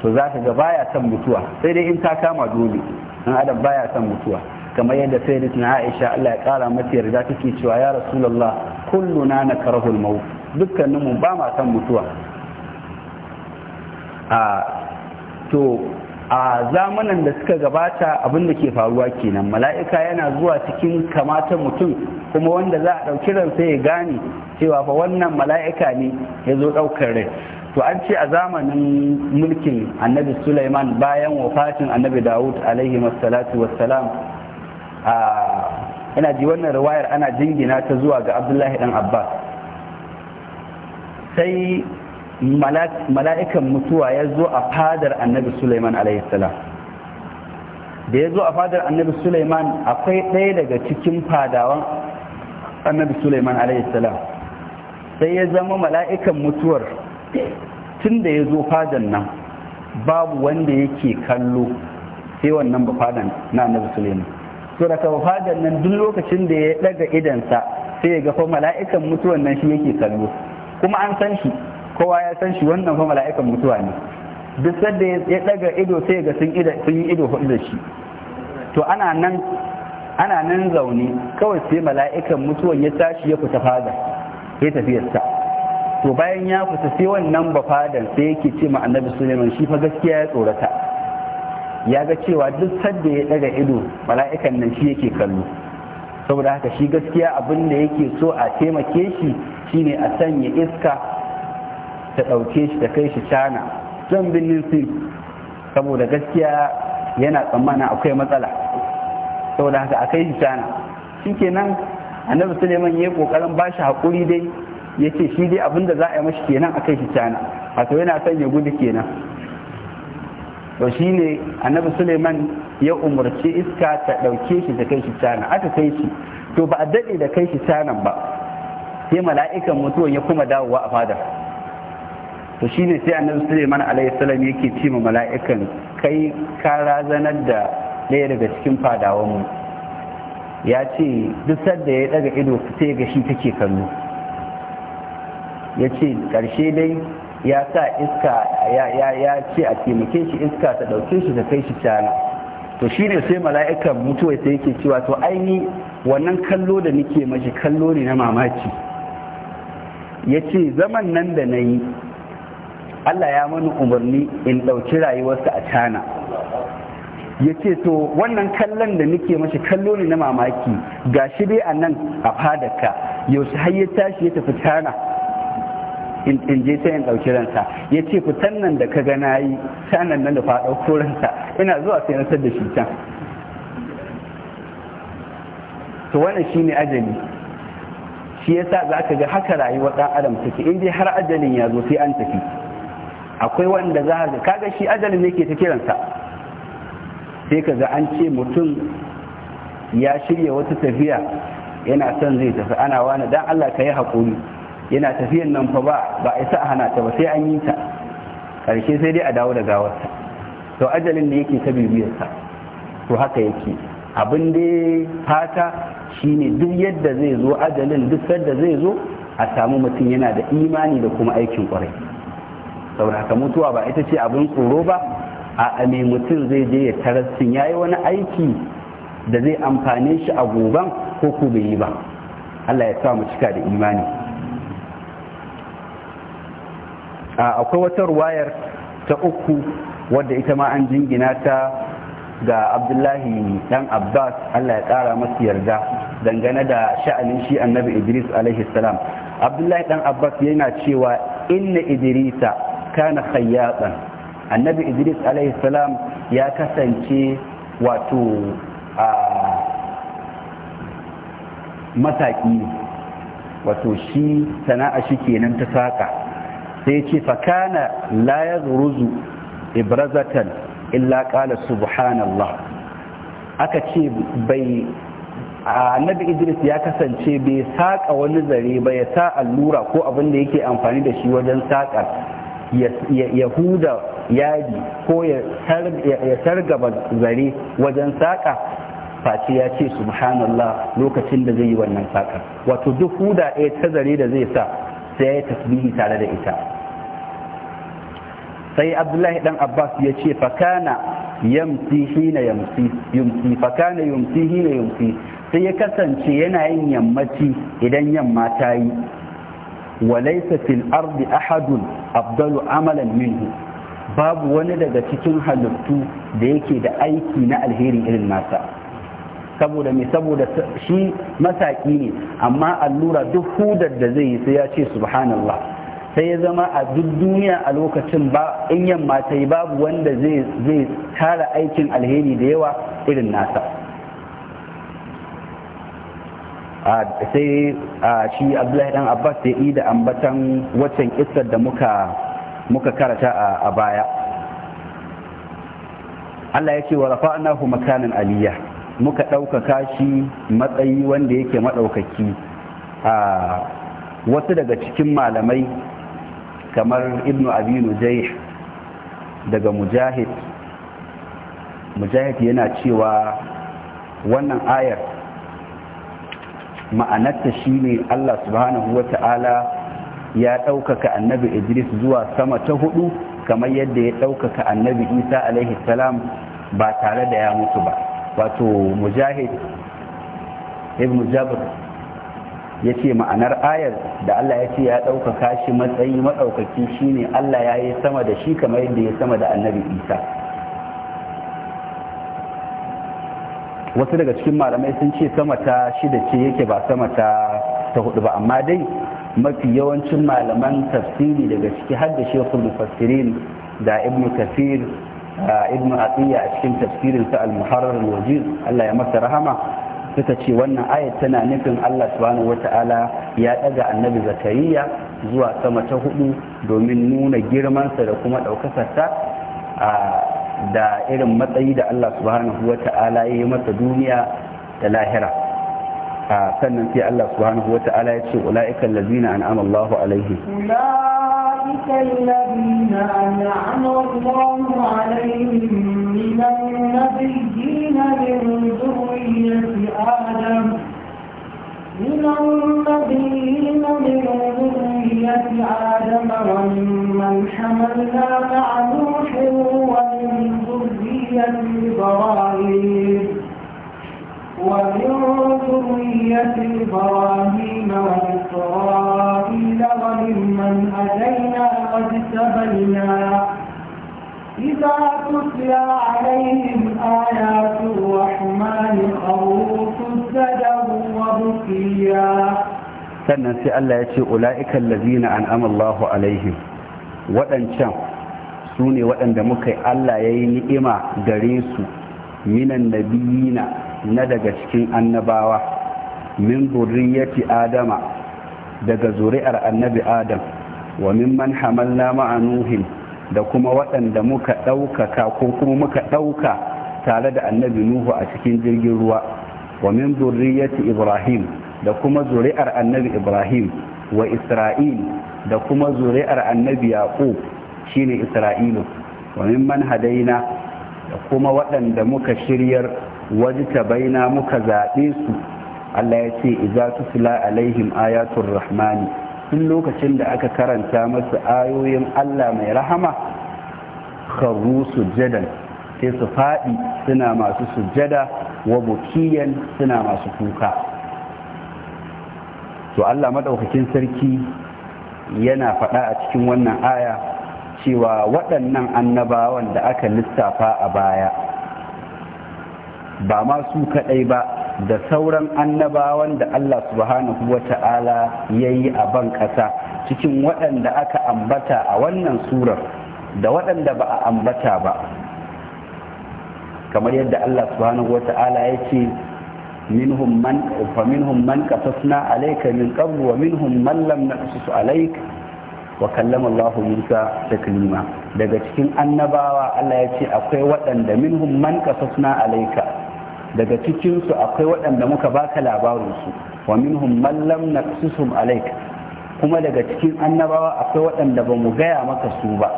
to za ka ga baya son mutuwa sai dai in ta kama dole dan adam baya son mutuwa kamar yadda sai tuna Aisha Allah ya kara mata yarda take cewa ya rasulullah kulluna nakrahu al-maut dukkaninmu ba ma son mutuwa a ah, to a zamanan da suka gabata abin da ke faruwa kenan mala'ika yana zuwa cikin kamata mutum kuma wanda za a ɗauki ransa ya gane cewa fa wannan mala'ika ne ya zo ɗaukar rai to an ce a zamanin mulkin annabi sulaiman bayan wafatin annabi dawud alaihi wassalatu wassalam a ina ji wannan riwayar ana jingina ta zuwa ga abdullahi dan abbas sai mala'ikan mutuwa ya zo a fadar annabi Sulaiman alaihissalam da ya zo a fadar annabi Sulaiman akwai ɗaya daga cikin fadawan annabi Sulaiman alaihissalam sai ya zama mala'ikan mutuwar tun da ya zo fadar nan babu wanda yake kallo sai wannan ba fadar na annabi Sulaiman so daga fadar nan duk lokacin da ya daga idansa sai ya ga mala'ikan mutuwar nan shi yake kallo kuma an san shi kowa ya san shi wannan fa mala'ikan mutuwa ne duk sadda ya daga ido sai ga sun yi ido hudu da shi to ana nan ana nan zaune kawai sai mala'ikan mutuwa ya tashi ya fita fada ya tafiyarsa to bayan ya fita sai wannan ba fadan sai yake ce ma annabi suleiman shi fa gaskiya ya tsorata ya ga cewa duk sadda ya daga ido mala'ikan nan shi yake kallo saboda haka shi gaskiya abin da yake so a taimake shi shine a sanya iska ta ɗauke shi ta kai shi cana zan birnin sin saboda gaskiya yana tsammanin akwai matsala saboda haka a kai shi cana shi kenan annabi suleiman ya yi ƙoƙarin ba shi haƙuri dai ya ce shi dai abinda za a yi mashi kenan a kai shi cana wato yana son ya gudu kenan to shi ne annabi suleiman ya umarci iska ta ɗauke shi ta kai shi cana aka kai shi to ba a daɗe da kai shi canan ba sai mala'ikan mutuwan ya kuma dawowa a fadar to shi ne sai annabi suleiman alaihi salam yake ce ma mala'ikan kai ka razanar da daya daga cikin fadawanmu ya ce duk sadda ya daga ido sai ga shi take kallo ya ce ƙarshe dai ya sa iska ya ce a taimake shi iska ta ɗauke shi ta kai shi cana to shi ne sai mala'ikan mutuwa sai yake cewa to aini wannan kallo da nake mashi kallo ne na mamaki ya ce zaman nan da na yi Allah ya mani umarni in ɗauki rayuwarsa a cana ya ce to wannan kallon da nake mashi kallo ne na mamaki ga shi dai a nan a fadaka yaushe har ya tashi ya tafi cana in je sai in ɗauki ransa ya ce fitan nan da ka gana yi canan nan da ɗauko ransa ina zuwa sai nasar da shi can to wannan shine ajali shi yasa za ka ga haka rayuwar ɗan adam take in dai har ajalin ya zo sai an tafi akwai wanda za a kaga shi ajalin ne ke ta kiransa sai ka ga an ce mutum ya shirya wata tafiya yana son zai tafi ana wani dan Allah ka yi haƙuri yana tafiyan nan fa ba ba a isa a hana ta ba sai an yi ta ƙarshe sai dai a dawo da gawarsa to ajalin ne yake ta bibiyarsa to haka yake abin da fata shine duk yadda zai zo ajalin duk sadda zai zo a samu mutum yana da imani da kuma aikin ƙwarai saboda haka mutuwa ba ita ce abin tsoro ba a me mutum zai je ya tarassin ya yi wani aiki da zai amfane shi a goban ko ku bai yi ba Allah ya sa mu cika da imani akwai wata ruwayar ta uku wadda ita ma an jingina ta ga abdullahi dan abbas Allah ya tsara masu yarda dangane da sha'anin shi annabi idris alaihi salam abdullahi dan abbas yana cewa inna idrisa kana khayyatan annabi idris alaihi salam ya kasance wato a mataki wato shi sana'a shi kenan ta saka sai ce fakana la ya zuruzu ibrazatan illa qala subhanallah aka ce bai annabi idris ya kasance bai saƙa wani zare ba ya sa allura ko abin da yake amfani da shi wajen saƙar ya huda yadi ko ya sargaba zare wajen saƙa face ya ce subhanallah lokacin da zai yi wannan saƙa. wato duk huda ɗaya ta zare da zai sa sai ya tasbihi tare da ita sai abdullahi dan abbas ya ce fakana yamsi hina yamsi yumsi fakana yumsi hina yumsi sai ya kasance yana yin yammaci idan yamma ta yi wa laysa fil ardi ahadun abdalu amalan minhu babu wani daga cikin halittu da yake da aiki na alheri irin nasa saboda me saboda shi masaki ne amma allura duk hudar da zai yi sai ya ce subhanallah sai ya zama a duk duniya a lokacin ba in yamma ta yi babu wanda zai tara aikin alheri da yawa irin nasa sai a shi abdullahi dan abbas ya yi da ambatan waccan kissar da muka muka karata a baya Allah ya ce wa rafa'nahu makanan aliyya muka ɗaukaka shi matsayi wanda yake maɗaukaki a wasu daga cikin malamai kamar ibnu abinu jai daga mujahid mujahid yana cewa wannan ayar ma'anarta shine Allah subhanahu wata'ala ya ɗaukaka annabi Idris zuwa sama ta hudu kamar yadda ya ɗaukaka annabi Isa alaihi salam ba tare da ya mutu ba wato mujahid ibn jabir ya ce ma'anar ayar da Allah ya ce ya ɗaukaka shi matsayi maɗaukaki shine Allah ya yi sama da shi kamar yadda ya sama da annabi Isa wasu daga cikin malamai sun ce sama ta shida ce yake ba sama ta ta hudu ba amma dai mafi yawancin malaman tafsiri daga ciki har da shekul mufassirin da ibn kafir ibn atiya a cikin tafsirin sa al-muharrar wajir Allah ya masa rahama suka ce wannan ayat tana nufin Allah subhanahu wata'ala ya daga annabi zakariya zuwa sama ta hudu domin nuna girmansa da kuma sa da irin matsayi da Allah subhanahu wa ta'ala ya yi masa duniya da lahira a sannan sai Allah subhanahu wa ta'ala ya ce ula'ikan lazina an ama Allah alaihi ula'ikan lazina an ama Allah alaihim minan nabiyyina min zurriyyati adam من النبيين من ذرية آدم وممن حملنا مع نوح ومن ذرية إبراهيم ومن ذرية إبراهيم وإسرائيل وممن هدينا واجتبينا إذا تتلى عليهم آيات الرحمن خروا سجدا وبكيا sannan sai Allah ya ce ula'ikan lazina an amallahu alaihim waɗancan su ne waɗanda muka yi Allah ya yi ni'ima gare su minan nabiyina na daga cikin annabawa min yafi adama daga zuri'ar annabi adam wa mimman hamalna ma'a nuhin da kuma waɗanda muka ɗaukaka ko kuma muka ɗauka tare da annabi nuhu a cikin jirgin ruwa wa min zurriyyati ibrahim da kuma zuri'ar annabi ibrahim wa isra'il da kuma zuri'ar annabi yaqub shine isra'ilu wa min man hadaina da kuma waɗanda muka shiryar wajita baina muka zaɓe su Allah ya ce idza tutla alaihim ayatul rahmani tun lokacin da aka karanta masu ayoyin Allah mai rahama karu sujjadan sai su faɗi suna masu sujjada wa bukiyan suna masu kuka to Allah maɗaukakin sarki yana faɗa a cikin wannan aya cewa waɗannan annabawan da aka lissafa a baya ba ma su kaɗai ba da sauran annabawan da Allah subhanahu wa ta'ala ya yi a ban ƙasa cikin waɗanda aka ambata a wannan surar da waɗanda ba a ambata ba kamar yadda Allah subhanahu wa ta'ala ya ce minhum man qasasna alayka min qabl wa minhum man lam لم نقصص wa kallama Allahu Musa taklima daga cikin annabawa Allah ya ce akwai waɗanda minhum man qasasna alayka daga cikinsu akwai waɗanda muka baka labarinsu wa minhum man lam naqsusum alayka kuma daga cikin annabawa akwai waɗanda ba mu gaya maka su ba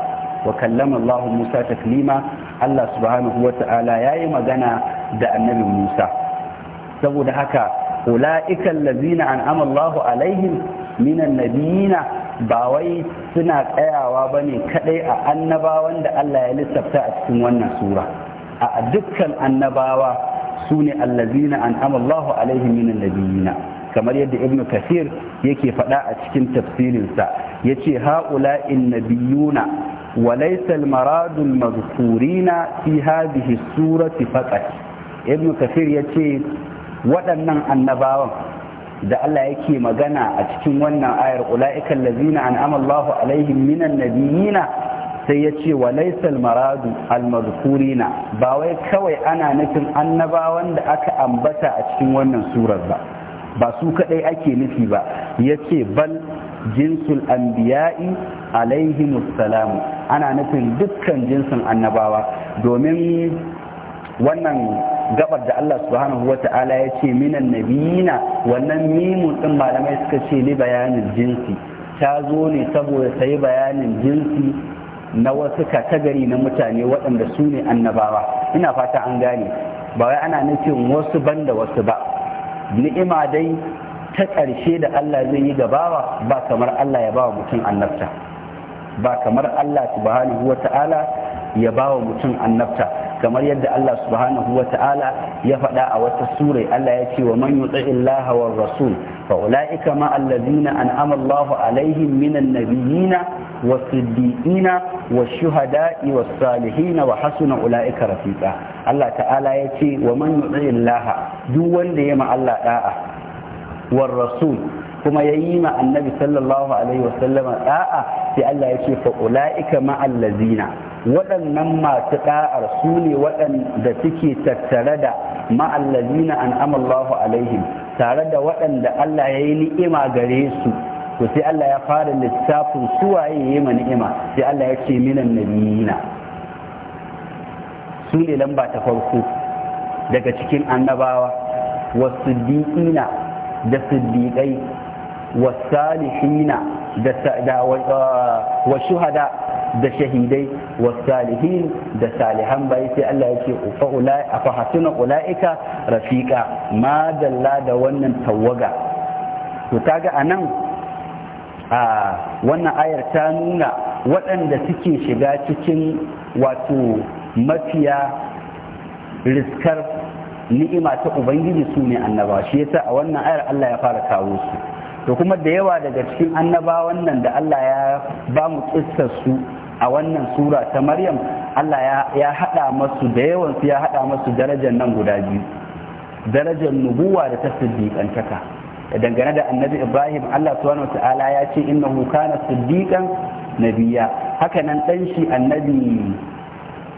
wa kallama Allah Musa taklima Allah subhanahu wa ta'ala yayi magana da annabi Musa saboda haka ulaika allazina an'ama Allah alaihim minan nabiyina ba wai suna tsayawa ba ne kadai a annabawan da Allah ya lissafta a cikin wannan sura a dukkan annabawa su ne allazina an'ama Allahu alaihim minan nabiyina kamar yadda ibnu kasir yake faɗa a cikin tafsirinsa yace haula in nabiyuna wa laysa al maradu al mazkurina fi hadhihi surati faqat ibnu kasir yace waɗannan annabawan da Allah yake magana a cikin wannan ayar ula'ika allazina an'ama Allahu alaihim minan nabiyina sai ya ce wa laisal maradu almazkurina ba wai kawai ana nufin annabawan da aka ambata a cikin wannan surar ba ba su kadai ake nufi ba ya ce bal jinsul anbiya'i alaihi musalamu ana nufin dukkan jinsin annabawa domin wannan gabar da Allah subhanahu wa ta'ala ya ce minan nabiyina wannan mimun din malamai suka ce ni bayanin jinsi ta zo ne saboda sai bayanin jinsi na wasu katagari na mutane waɗanda su ne annabawa ina fata an gane ba wai ana nufin wasu ban da wasu ba ni'ima dai ta ƙarshe da Allah zai yi gabawa ba kamar Allah ya bawa mutum annabta ba kamar Allah subhanahu wa ta'ala ya bawa mutum annabta kamar yadda Allah subhanahu wa ta'ala ya faɗa a wata surai Allah ya ce wa man yuti illaha war rasul fa ulaika ma allazina an'ama Allahu alaihim minan nabiyina wa siddiqina shuhadai was wa hasuna ulaika rafiqa Allah ta'ala ya ce wa man yuti illaha duk wanda ya ma Allah da'a war rasul kuma ya yi ma annabi sallallahu alaihi sallama da'a sai Allah ya ce fa ula'ika ma allazina waɗannan masu ɗa'ar su ne waɗanda suke tattare da ma'allazina an amallahu alaihim tare da waɗanda Allah ya yi ni'ima gare su to sai Allah ya fara littafin suwaye ya yi ma ni'ima sai Allah ya ce minan nabiyina su ne lamba ta farko daga cikin annabawa wa siddiqina da siddiqai wa salihina da wa shuhada da shahidai wa salihin da salihan bai sai Allah yake ufa ulai afa hasuna ulaika rafiqa ma dalla da wannan tawaga to kaga anan a wannan ayar ta nuna waɗanda suke shiga cikin wato mafiya riskar ni'ima ta ubangiji su ne annaba shi yasa a wannan ayar Allah ya fara kawo su to kuma da yawa daga cikin annabawan nan da Allah ya ba mu su a wannan sura ta Maryam Allah ya haɗa masu da yawan su ya haɗa masu darajar nan guda biyu darajar nubuwa da ta siddiƙantaka dangane da annabi Ibrahim Allah subhanahu wata'ala ya ce innahu kana siddiqan nabiyya haka nan ɗan shi annabi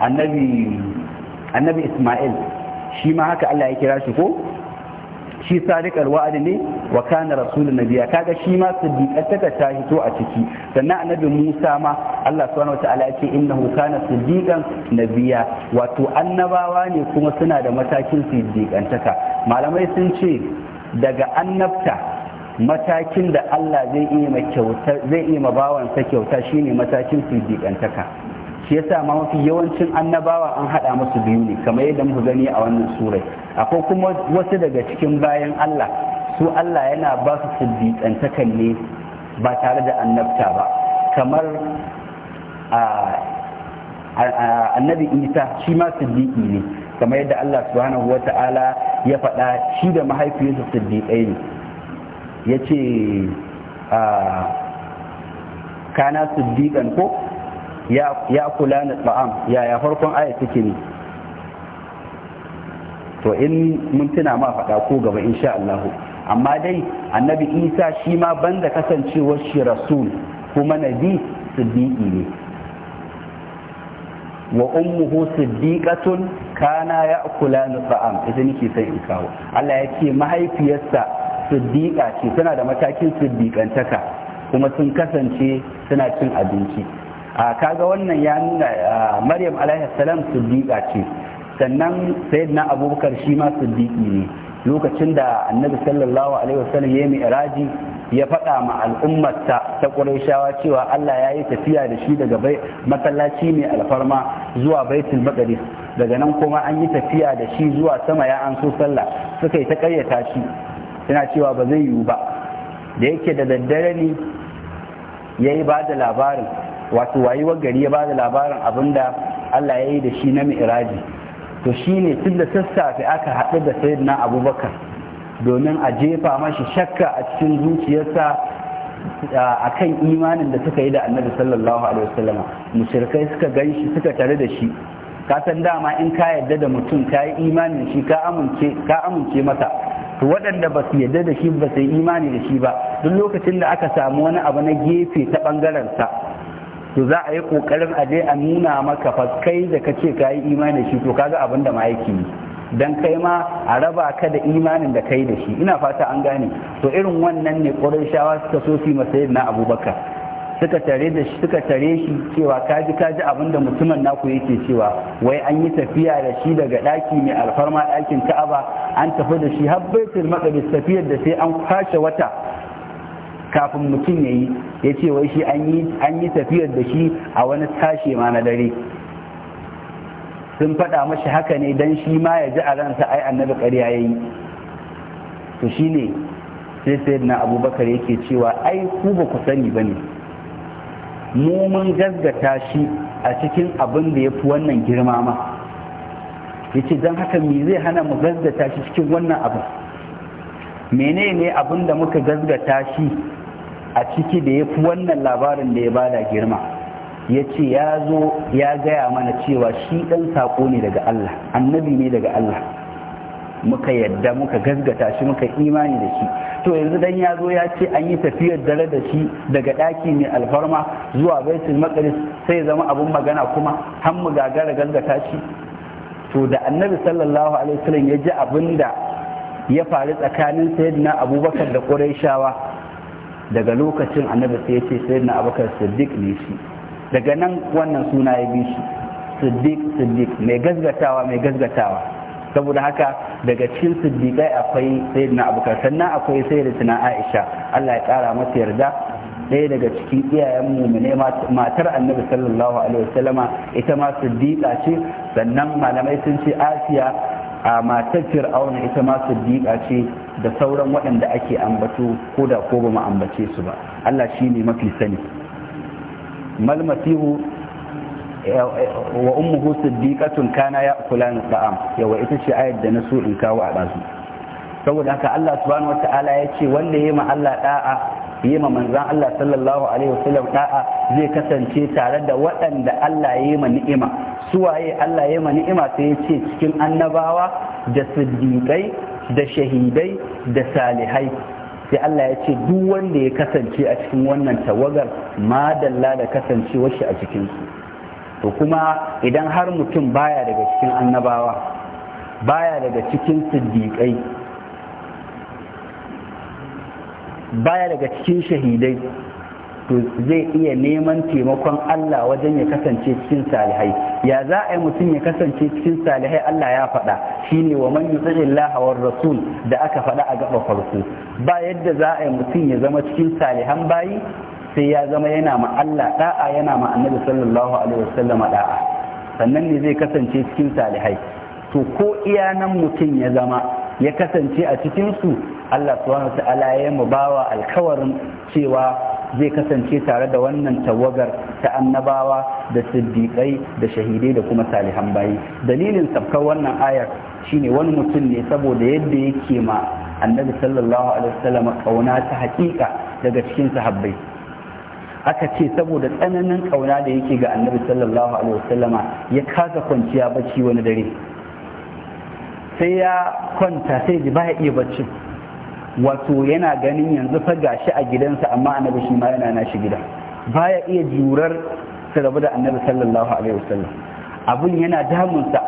annabi annabi Isma'il shi ma haka Allah ya kira shi ko shi sadiqal wa'adi ne wa kana rasulun nabiya kaga shi ma siddiqataka ta hito a ciki sannan annabi Musa ma Allah subhanahu wataala yake hukana innahu kana siddiqan nabiya wato annabawa ne kuma suna da matakin siddiqantaka malamai sun ce daga annabta matakin da Allah zai iya ma kyauta zai iya ma bawansa kyauta shine matakin siddiqantaka shi yasa ma mafi yawancin annabawa an hada musu biyu ne kamar yadda muka gani a wannan surai akwai kuma wasu daga cikin bayan Allah su Allah yana ba su siddiƙantakan ne ba tare da annabta ba kamar annabi isa shi ma siddiƙi ne kamar yadda Allah subhanahu wa ta'ala ya faɗa shi da mahaifiyarsa siddiƙai ne ya ce kana siddiƙan ko ya kula na yaya farkon aya take ne to in mun tuna ma faɗa ko gaba insha Allah amma dai annabi isa shi ma banda kasancewar shi rasul kuma nabi siddiqi ne wa ummuhu siddiqatun kana yakula ta'am idan nake sai in kawo Allah ya mahaifiyarsa siddiqa ce tana da matakin siddiqantaka kuma sun kasance suna cin abinci a kaga wannan ya nuna maryam alaihi salam siddiqa ce sannan na abubakar shi ma siddiqi ne lokacin da annabi sallallahu alaihi wasallam ya mi'raji ya faɗa ma al'ummarsa ta ƙurayshawa cewa Allah ya yi tafiya da shi daga bai masallaci mai alfarma zuwa baitul maqdis daga nan kuma an yi tafiya da shi zuwa sama ya an so sallah suka yi ta ƙaryata shi Ina cewa ba zai yiwu ba da yake da daddare ne ya yi ba da labarin wato wayewar gari ya ba da labarin abinda Allah ya yi da shi na mi'raji to shi ne tun da sassafe aka haɗu da na abubakar domin a jefa mashi shakka a cikin zuciyarsa a kan imanin da suka yi da annabi sallallahu alaihi wasallam mushrikai suka ganshi suka tare da shi kasan dama in ka yadda da mutum ka yi imanin shi ka amince mata. to waɗanda ba su yadda da shi ba su yi imani da shi ba duk lokacin da aka samu wani abu na gefe ta ɓangaren sa to za a yi kokarin a a nuna maka fa kai da kace ka yi imani da shi to kaga abin da ma ne. dan kai ma a raba ka da imanin da kai da shi ina fata an gane to irin wannan ne shawa suka so su masa na abubakar suka tare da shi suka tare shi cewa kaji kaji abin da mutumin naku yake cewa wai an yi tafiya da shi daga daki mai alfarma ɗakin ka'aba an tafi da shi har baitul maqdis tafiyar da sai an kwashe wata kafin mutum ya yi ya ce wai shi an yi tafiyar da shi a wani tashe ma na dare sun faɗa mashi haka ne don shi ma ya ji a ransa ai annabi ƙarya ya yi to shi ne sai sai na abubakar yake cewa ai ku ba ku sani ba ne mu mun gaggata shi a cikin abin da ya fi wannan girma ma ya ce don haka me zai hana mu gaggata shi cikin wannan abin? menene abin da muka gaggata shi a ciki da ya fi wannan labarin da ya bada girma ya ce ya zo ya gaya mana cewa shi ɗan saƙo ne daga Allah annabi ne daga Allah muka yadda muka gasgata shi muka imani da shi to yanzu dan ya zo ya ce an yi tafiyar dare da shi daga ɗaki mai alfarma zuwa baitul maqdis sai zama abun magana kuma har mu gagara gasgata shi to da annabi sallallahu alaihi wasallam ya ji abinda ya faru tsakanin sayyidina abubakar da qurayshawa daga lokacin annabi sai ya ce sayyidina abubakar siddiq ne shi daga nan wannan suna ya bi shi siddiq siddiq mai gazgatawa mai gazgatawa saboda haka daga cikin siddiqai akwai sayyidina abubakar sannan akwai sayyidatina aisha Allah ya kara masa yarda ɗaya daga cikin iyayen ne matar annabi sallallahu alaihi wasallama ita ma siddiqa ce sannan malamai sun ce asiya a matar fir'auna ita ma Siddika ce da sauran waɗanda ake ambato ko da ko ba ambace su ba Allah shi ne mafi sani mal wa ummuhu siddiqatun kana ni ta'am yawa ita ce ayat da na so in kawo a dazu saboda haka Allah subhanahu wata'ala ya ce wanda ya ma Allah da'a yi ma manzan Allah sallallahu alaihi wasallam da'a zai kasance tare da waɗanda Allah ya yi ma ni'ima suwaye Allah ya yi ma ni'ima sai ya ce cikin annabawa da siddiƙai da shahidai da salihai sai Allah ya ce duk wanda ya kasance a cikin wannan tawagar madalla da kasancewar shi a cikinsu to kuma idan har mutum baya daga cikin annabawa baya daga cikin siddiƙai baya daga cikin shahidai to zai iya neman taimakon Allah wajen ya kasance cikin salihai ya za a yi mutum ya kasance cikin salihai Allah ya faɗa shine wa man yuti'illaha war rasul da aka faɗa a gaba farko ba yadda za a yi mutum ya zama cikin salihan bayi sai ya zama yana ma Allah da'a yana ma Annabi sallallahu alaihi wasallam da'a sannan ne zai kasance cikin salihai to ko iya nan mutum ya zama ya kasance a cikin su Allah subhanahu ta'ala ya mu bawa alkawarin cewa zai kasance tare da wannan tawagar ta annabawa da siddiƙai da shahidai da kuma salihan bayi dalilin sabkar wannan ayar shine wani mutum ne saboda yadda yake ma annabi sallallahu alaihi wasallam kauna ta haƙiƙa daga cikin sahabbai aka ce saboda tsananin ƙauna da yake ga annabi sallallahu alaihi wasallama ya kasa kwanciya bacci wani dare sai ya kwanta sai ji ba ya iya baccin wato yana ganin yanzu fa gashi a gidansa amma annabi shi ma yana nashi gida baya iya jurar ta rabu da annabi sallallahu alaihi wasallam abin yana damunsa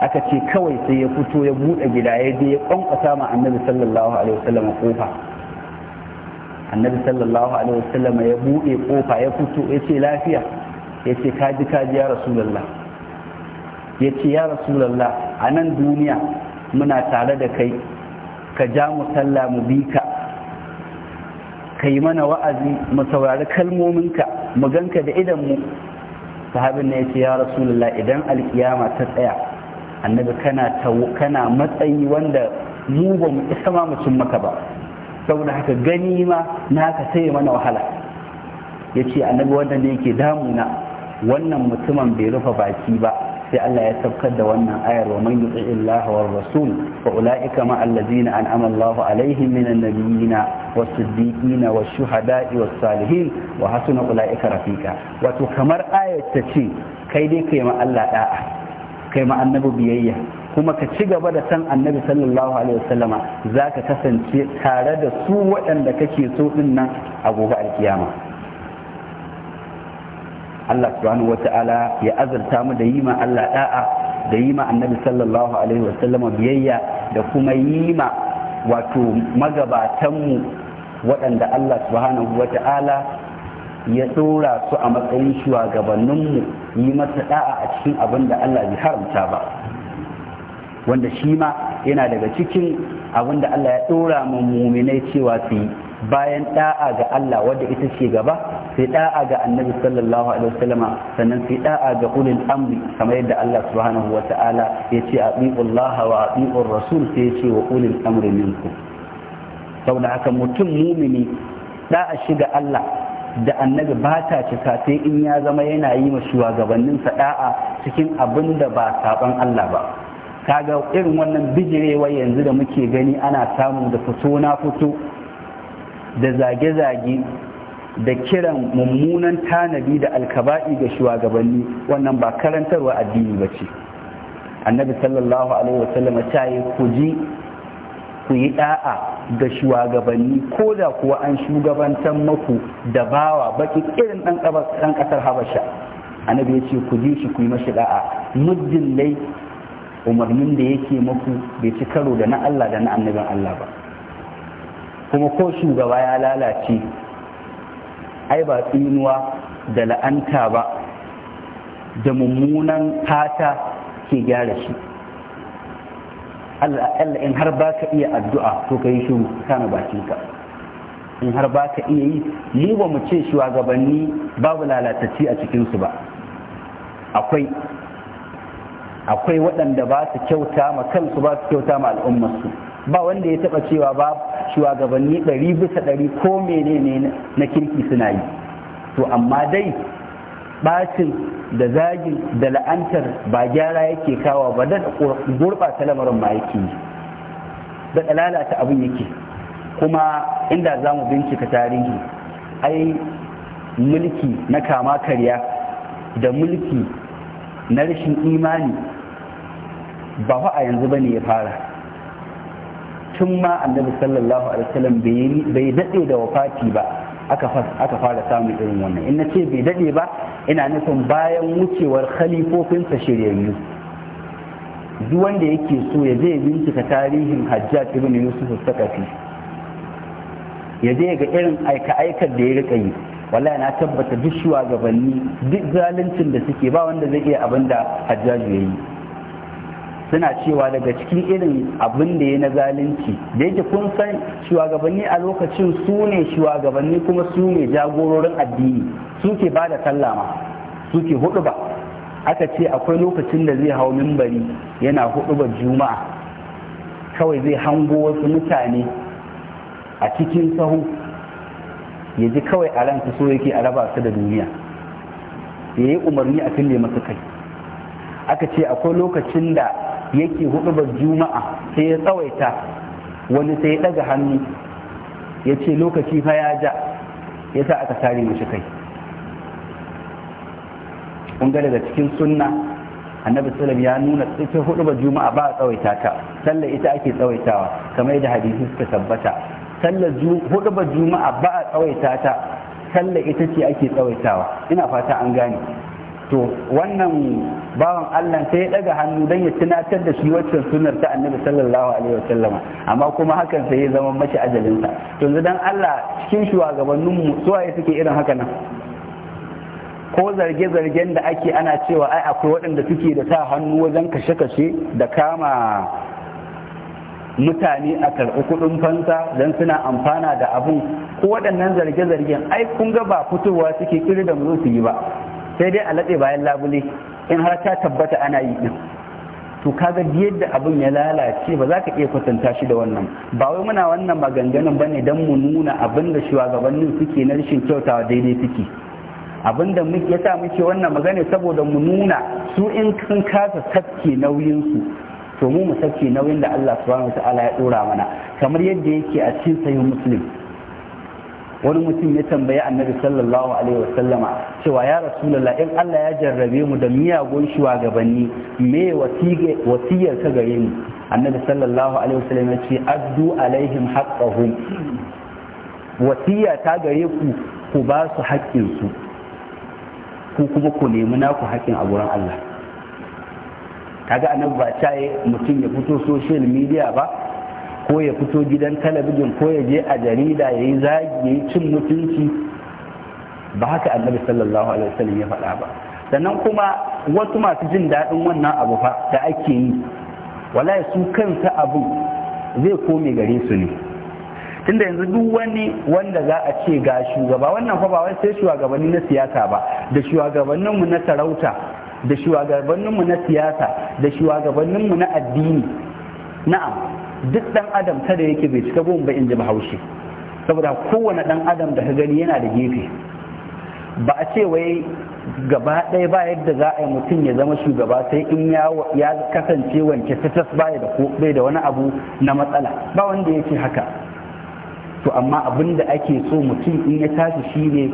aka ce kawai sai ya fito ya buɗe gida ya je ya kwankwasa ma annabi sallallahu alaihi wasallam kofa annabi sallallahu alaihi wasallam ya buɗe kofa ya fito ya ce lafiya ya ce kaji kaji ya rasulullah ya ce ya rasulullah a nan duniya muna tare da kai ka ja mu sallah mu bi ka ka yi mana wa'azi mu saurari ka, mu ganka da mu. sahabin na ya ce ya rasulullah idan alkiyama ta tsaya annabi kana matsayi wanda mu ba mu isa ma mutum maka ba saboda haka gani ma na ka sai mana wahala ya ce annabi wanda ne yake damuna wannan mutumin bai rufe baki ba sai Allah ya saukar da wannan ayar wa man yuti Allah wa rasul fa ulaika ma allazina an'ama Allah alaihim minan nabiyina was-siddiqina wash-shuhada'i was-salihin wa hasuna ulaika rafiqa wato kamar ayar ta ce kai dai kai ma Allah da'a kai ma annabi biyayya kuma ka ci gaba da san annabi sallallahu alaihi wasallama zaka kasance tare da su waɗanda kake so din nan a gobe alkiyama Allah subhanahu wata'ala ya azurta mu da yi ma Allah da'a da yi ma annabi sallallahu alaihi wasallama biyayya da kuma yi ma wato magabatanmu waɗanda Allah subhanahu wata'ala ya tsora su a matsayin shugabanninmu yi masa da'a a cikin abin da Allah bai haramta ba wanda shi ma yana daga cikin abin da Allah ya tsora mu muminai cewa su yi bayan da'a ga Allah wadda ita ce gaba sai da'a ga annabi sallallahu alaihi wasallama sannan sai da'a ga ulil amri kamar yadda Allah subhanahu wa ta'ala ya ce Allah wa ati'ur rasul sai ya ce wa ulil amri minkum saboda haka mutum mumini da'a shi ga Allah da annabi ba ta cika sai in ya zama yana yi ma shugabanninsa da'a cikin abin da ba saban Allah ba kaga irin wannan bijirewa yanzu da muke gani ana samu da fito na fito da zage-zage da kiran mummunan tanadi da alkaba'i ga shugabanni wannan ba karantarwa addini ba ce annabi sallallahu alaihi wasallam ta yi ku ji ku yi da'a ga shugabanni ko da kuwa an shugabantar maku da bawa baki irin ɗan ƙasar habasha annabi ya ce ku ji shi ku yi mashi da'a muddin dai umarnin da yake maku bai ci karo da na Allah da na annabin Allah ba kuma ko shugaba ya lalace ai ba tsinuwa da la'anta ba da mummunan fata ke gyara shi Allah in har ba ka iya addu'a to ka yi shiru bakin bakinka in har ba ka iya yi ni ba mu ce gabanni babu lalatacci a cikinsu ba akwai akwai waɗanda ba su kyauta ma kansu ba su kyauta ma al'ummarsu ba wanda ya taba cewa ba shugabanni ɗari bisa ɗari ko menene na kirki suna yi to amma dai bacin da zagin da la'antar ba gyara yake kawo ba da gurɓata lamarin ma yake yi da lalata abin yake kuma inda za mu bincika tarihi ai mulki na kama karya da mulki na rashin imani ba fa a yanzu ba ne ya fara tun ma annabi sallallahu alaihi wasallam bai daɗe da wafati ba aka fara samun irin wannan in ce bai daɗe ba ina nufin bayan wucewar khalifofinsa shiryayyu duk wanda yake so ya je bincika tarihin hajjat ibn yusuf sakafi ya je ga irin aika-aikar da ya rika yi wallahi na tabbata duk shugabanni duk zaluncin da suke ba wanda zai iya abin da hajjaju ya yi suna cewa daga cikin irin abin da ya na zalunci da yake kun san shugabanni a lokacin su ne shugabanni kuma su ne jagororin addini suke ba da sallama suke hudu ba aka ce akwai lokacin da zai hau mimbari yana hudu ba juma'a kawai zai hango wasu mutane a cikin sahu ya ji kawai a ranta so yake a raba su da duniya ya yi umarni a kai aka ce akwai lokacin da yake hudubar juma'a sai ya tsawaita wani sai ya daga hannu ya ce lokaci fa ya ja ya sa aka tare mashi kai kun ga daga cikin sunna annabi sallam ya nuna cikin hudubar juma'a ba a tsawaita ta sallar ita ake tsawaitawa kamar yadda hadisi suka tabbata sallar hudubar juma'a ba a tsawaita ta sallar ita ce ake tsawaitawa ina fata an gane to wannan bawan Allah sai ya daga hannu dan ya tunatar da shi waccan sunnar ta Annabi sallallahu alaihi wasallama amma kuma hakan sai ya zama mashi ajalin sa to dan Allah cikin shugabannin mu suwaye suke irin haka nan ko zarge-zargen da ake ana cewa ai akwai waɗanda suke da sa hannu wajen kashe-kashe da kama mutane a karɓi kuɗin fansa don suna amfana da abun ko waɗannan zarge-zargen ai kun ga ba fitowa suke kiri da su yi ba sai dai a latse bayan labule in har ta tabbata ana yi din to kaga yadda abin ya lalace ba za ka iya kwatanta shi da wannan ba wai muna wannan maganganun bane dan mu nuna abin da shugabannin suke na rashin kyautawa daidai suke abin da sa muke wannan magana saboda mu nuna su in kan kasa nauyin su, to mu mu sakke nauyin da Allah subhanahu wa ta'ala ya dora mana kamar yadda yake a cikin sayin muslim wani mutum ya tambayi annabi sallallahu alaihi wasallama cewa ya rasulullah in Allah ya jarrabe mu da miyagun shugabanni me wasiyar ka gare mu annabi sallallahu alaihi wasallam ya ce addu alaihim haqqahum wasiya ta gare ku ku ba su haƙƙinsu ku kuma ku nemi naku haƙƙin a wurin Allah kaga annabi ba ta mutum ya fito social media ba ko ya fito gidan talabijin ko ya je a jarida ya yi zagi ya cin mutunci ba haka annabi sallallahu alaihi wasallam ya faɗa ba sannan kuma wasu masu jin daɗin wannan abu fa da ake yi wallahi su kansa abu zai kome gare su ne tunda yanzu duk wani wanda za a ce ga shugaba wannan fa ba wai sai shugabanni na siyasa ba da mu na sarauta da shugabanninmu na siyasa da shugabanninmu na addini na'am duk dan adam ta yake bai cika gun ba in ji bahaushe saboda kowane dan adam da ka gani yana da gefe ba a ce wai gaba ɗaya ba yadda za a yi mutum ya zama shugaba sai in ya kasance wanke ta baya da ko bai da wani abu na matsala ba wanda yake haka to amma abin da ake so mutum in ya tashi shi ne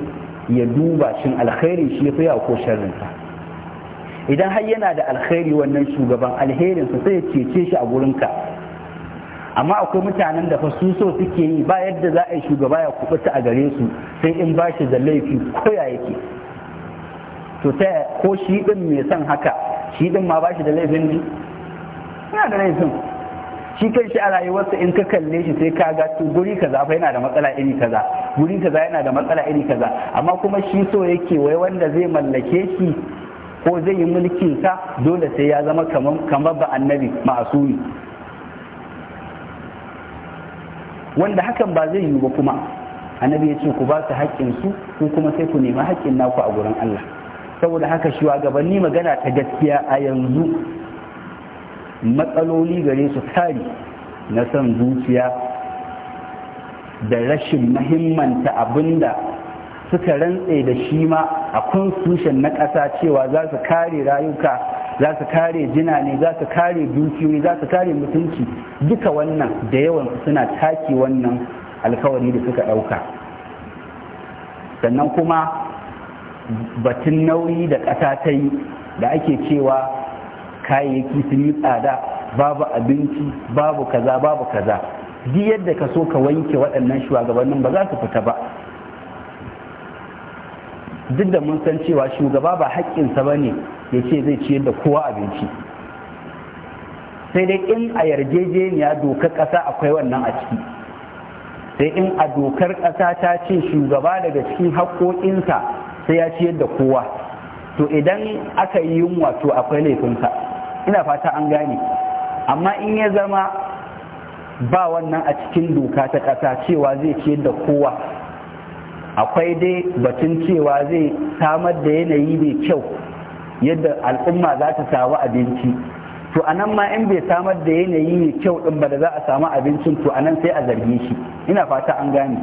ya duba shin alkhairi shi ya ko sharrinsa idan har yana da alkhairi wannan shugaban alherinsa sai ya cece shi a gurinka amma akwai mutanen da su so suke yi ba yadda za a yi shugaba ya kubuta a gare su sai in ba shi da laifi ko ya yake to ta ko shi din mai son haka shi din ma ba shi da laifin ne Ina da laifin shi kan shi a rayuwarsa in ka kalle shi sai ka ga to guri kaza fa yana da matsala iri kaza guri kaza yana da matsala iri kaza amma kuma shi so yake wai wanda zai mallake shi ko zai yi mulkin sa dole sai ya zama kamar ba annabi ma'asumi wanda hakan ba zai yiwu ba kuma annabi ya ce ku ba su haƙƙin su ku kuma sai ku nemi haƙƙin naku a gurin Allah saboda haka shi gabanni magana ta gaskiya a yanzu matsaloli gare su tari na san zuciya da rashin mahimmanta abinda suka rantse da shi ma a constitution na ƙasa cewa za su kare rayuka za su kare jina ne za su kare ne, za su kare mutunci duka wannan da yawan suna take wannan alkawari da suka ɗauka sannan kuma batun nauyi da ƙasa ta da ake cewa kayayyaki sun yi tsada babu abinci babu kaza babu kaza duk yadda ka so ka wanke waɗannan shugabannin ba za su fita ba duk da mun san cewa shugaba ba haƙƙinsa ba ne ya ce zai ciyar da kowa abinci sai dai in a yarjejeniya dokar ƙasa akwai wannan a ciki sai in a dokar ƙasa ta ce shugaba daga cikin haƙoƙinsa sai ya ciyar da kowa to idan aka yi yunwa to akwai laifinsa ina fata an gane amma in ya zama ba wannan a cikin doka ta ƙasa cewa zai ciyar da kowa akwai dai batun cewa zai samar da yanayi mai kyau yadda al'umma za ta samu abinci to a nan ma in bai samar da yanayi mai kyau ɗin ba da za a samu abincin to a nan sai a zarge shi ina fata an gane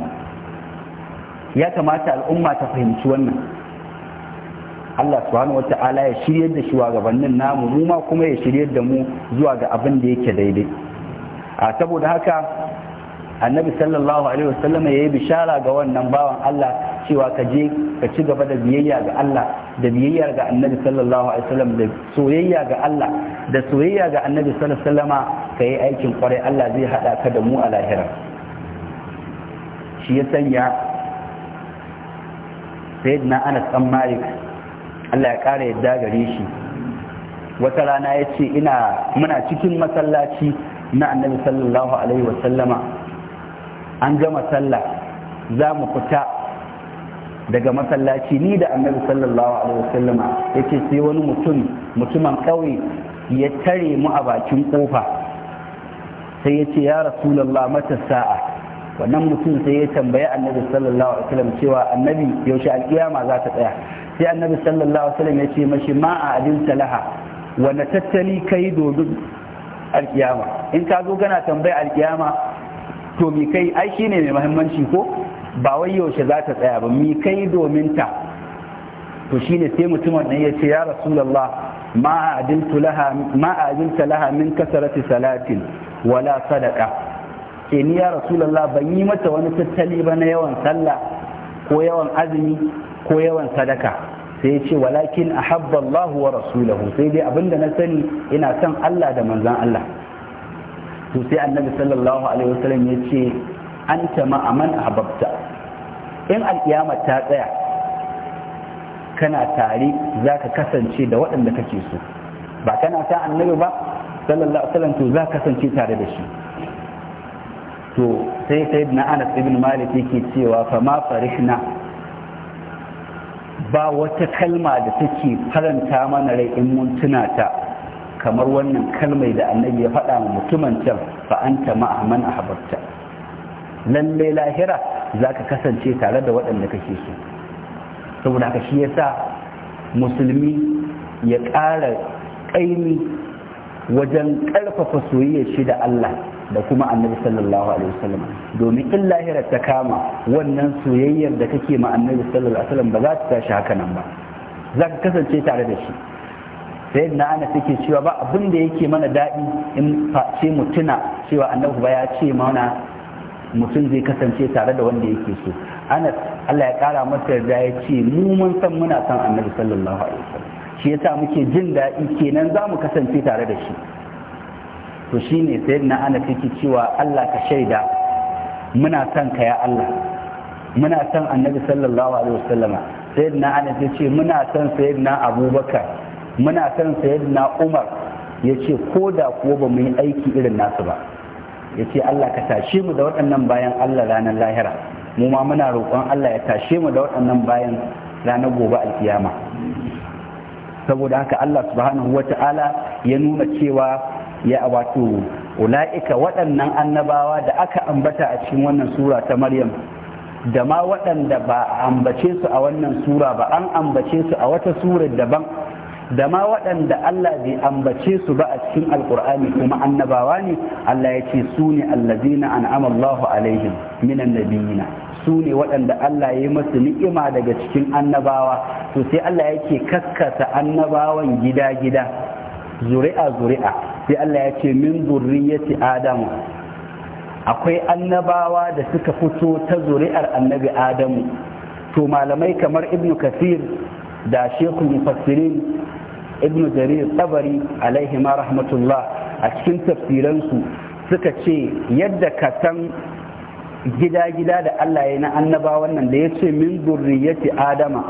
ya kamata al'umma ta fahimci wannan Allah subhanahu wata'ala ya shiryar da shugabannin namu mu ma kuma ya shiryar da mu zuwa ga abin da yake daidai a saboda haka annabi sallallahu alaihi wasallam yayi bishara ga wannan bawan Allah cewa ka je ka ci gaba da biyayya ga Allah da biyayya ga annabi sallallahu alaihi wasallam da soyayya ga Allah da soyayya ga annabi sallallahu alaihi wasallama ka yi aikin kwarai Allah zai hada ka da mu a lahira shi ya sanya sayyidina Anas dan Malik Allah ya kara yadda gare shi wata rana ya ce ina muna cikin masallaci na annabi sallallahu alaihi wasallama an gama sallah za mu fita daga masallaci ni da annabi sallallahu alaihi wasallam yake sai wani mutum mutumin kauye ya tare mu a bakin kofa sai yace ya rasulullah mata sa'a wannan mutum sai ya tambayi annabi sallallahu alaihi wasallam cewa annabi yaushe alkiyama za ta tsaya sai annabi sallallahu alaihi wasallam ya mashi ma a abin salaha wanda tattali kai domin alkiyama in ka zo kana tambaye alkiyama to mi kai ai ne mai muhimmanci ko ba wai yaushe za ta tsaya ba mi kai domin ta to shine sai mutumin wannan ya ce ya rasulullah ma ajintu laha laha min kasarati salatin wala sadaka. ke ni ya rasulullah ban yi mata wani tattali ba na yawan sallah ko yawan azumi ko yawan sadaka sai ce walakin a Allah wa rasulahu sai dai abinda na sani ina son Allah da manzon Allah to sai annabi sallallahu alaihi wasallam ya ce anta ma aman ahbabta in alkiyama ta tsaya kana tare zaka kasance da waɗanda kake so ba kana sa annabi ba sallallahu alaihi wasallam to za kasance tare da shi to sai sai na anas ibn malik yake cewa fa ma farishna ba wata kalma da take faranta mana rai in mun tuna ta kamar wannan kalmai da annabi ya faɗa wa mutumin can fa anta ma'a man ahbabta lalle lahira zaka kasance tare da waɗanda kake so saboda haka shi yasa musulmi ya ƙara ƙaimi wajen ƙarfafa soyayyar shi da Allah da kuma annabi sallallahu alaihi wasallam domin in lahirar ta kama wannan soyayyar da kake ma annabi sallallahu alaihi wasallam ba za ta tashi haka nan ba za ka kasance tare da shi sai na ana take cewa ba abin da yake mana daɗi in face mu tuna cewa annabi ba ya ce mana mutum zai kasance tare da wanda yake so ana Allah ya kara masa da ya ce mu mun san muna san annabi sallallahu alaihi wasallam shi yasa muke jin daɗi kenan za mu kasance tare da shi to shine sai na ana take cewa Allah ka shaida muna san ka ya Allah muna san annabi sallallahu alaihi wasallama sayyidina ana ce muna san sayyidina abubakar muna kan sayyidina umar ya ce ko da kuwa ba mu yi aiki irin nasu ba ya ce allah ka tashe mu da waɗannan bayan allah ranar lahira mu ma muna roƙon allah ya tashe mu da waɗannan bayan ranar gobe alkiyama saboda haka allah subhanahu ta'ala ya nuna cewa ya wato ula'ika waɗannan annabawa da aka ambata a cikin wannan sura ta maryam da ma waɗanda ba a ambace su a wannan sura ba an ambace su a wata surar daban da ma waɗanda Allah bai ambace su ba a cikin Alƙur'ani kuma annabawa ne Allah ya ce su ne allazina an'ama Allahu alaihim minan nabiyina su ne waɗanda Allah ya yi masu ni'ima daga cikin annabawa to sai Allah yake kakkata annabawan gida-gida zuri'a zuri'a sai Allah ya ce min zurriyyati adamu akwai annabawa da suka fito ta zuri'ar annabi adamu to malamai kamar ibnu kasir da shekul mufassirin ibn jarir tabari alaihi ma rahmatullah a cikin tafsiransu suka ce yadda ka san gida-gida da Allah ya na annabawan nan da ya ce min zurriyati adama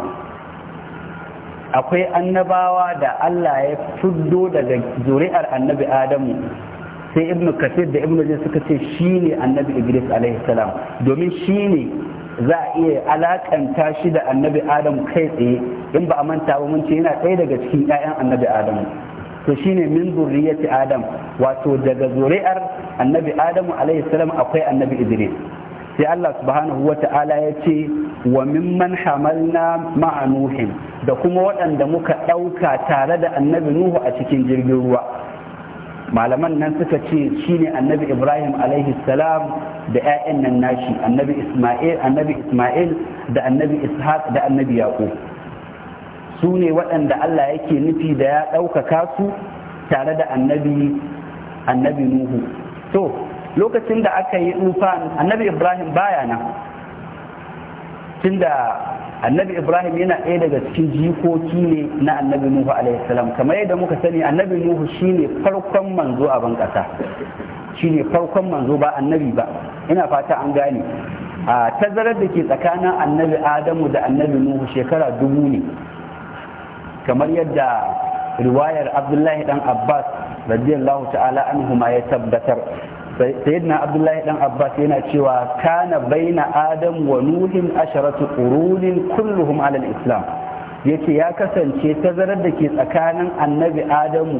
akwai annabawa da Allah ya fuddo daga zuri'ar annabi adamu sai ibnu kasir da ibnu Jarir suka ce shi annabi idris alaihi salam domin shine za a iya alakanta shi da annabi adam kai tsaye in ba a manta ba mun ce yana ɗaya daga cikin 'ya'yan annabi adam to shine min zurriyati adam wato daga zuri'ar annabi adamu alaihi salam akwai annabi idris sai Allah subhanahu wa ta'ala ya ce wa mimman hamalna ma'a nuhin da kuma waɗanda muka ɗauka tare da annabi nuhu a cikin jirgin ruwa malaman nan suka ce shine annabi ibrahim alaihi salam da 'ya'yan nan nashi annabi isma'il annabi isma'il da annabi ishaq da annabi yaqub su ne waɗanda allah yake nufi da ya ɗaukaka su tare da annabi annabi nuhu to lokacin da aka yi tsufa annabi ibrahim baya nan tunda annabi ibrahim yana ɗaya daga cikin jikoki ne na annabi nuhu alaihissalam kamar yadda muka sani annabi nuhu shine farkon manzo a ban ƙasa shine farkon manzo ba annabi ba ina fata an gane a tazarar da ke tsakanin annabi adamu da annabi nuhu shekara dubu ne kamar yadda riwayar abdullahi dan abbas radiyallahu ta'ala anhu ma ya tabbatar sayyidina abdullahi dan abbas yana cewa kana baina adam wa nuhin asharatu qurunin kulluhum ala islam yace ya kasance tazarar da ke tsakanin annabi adamu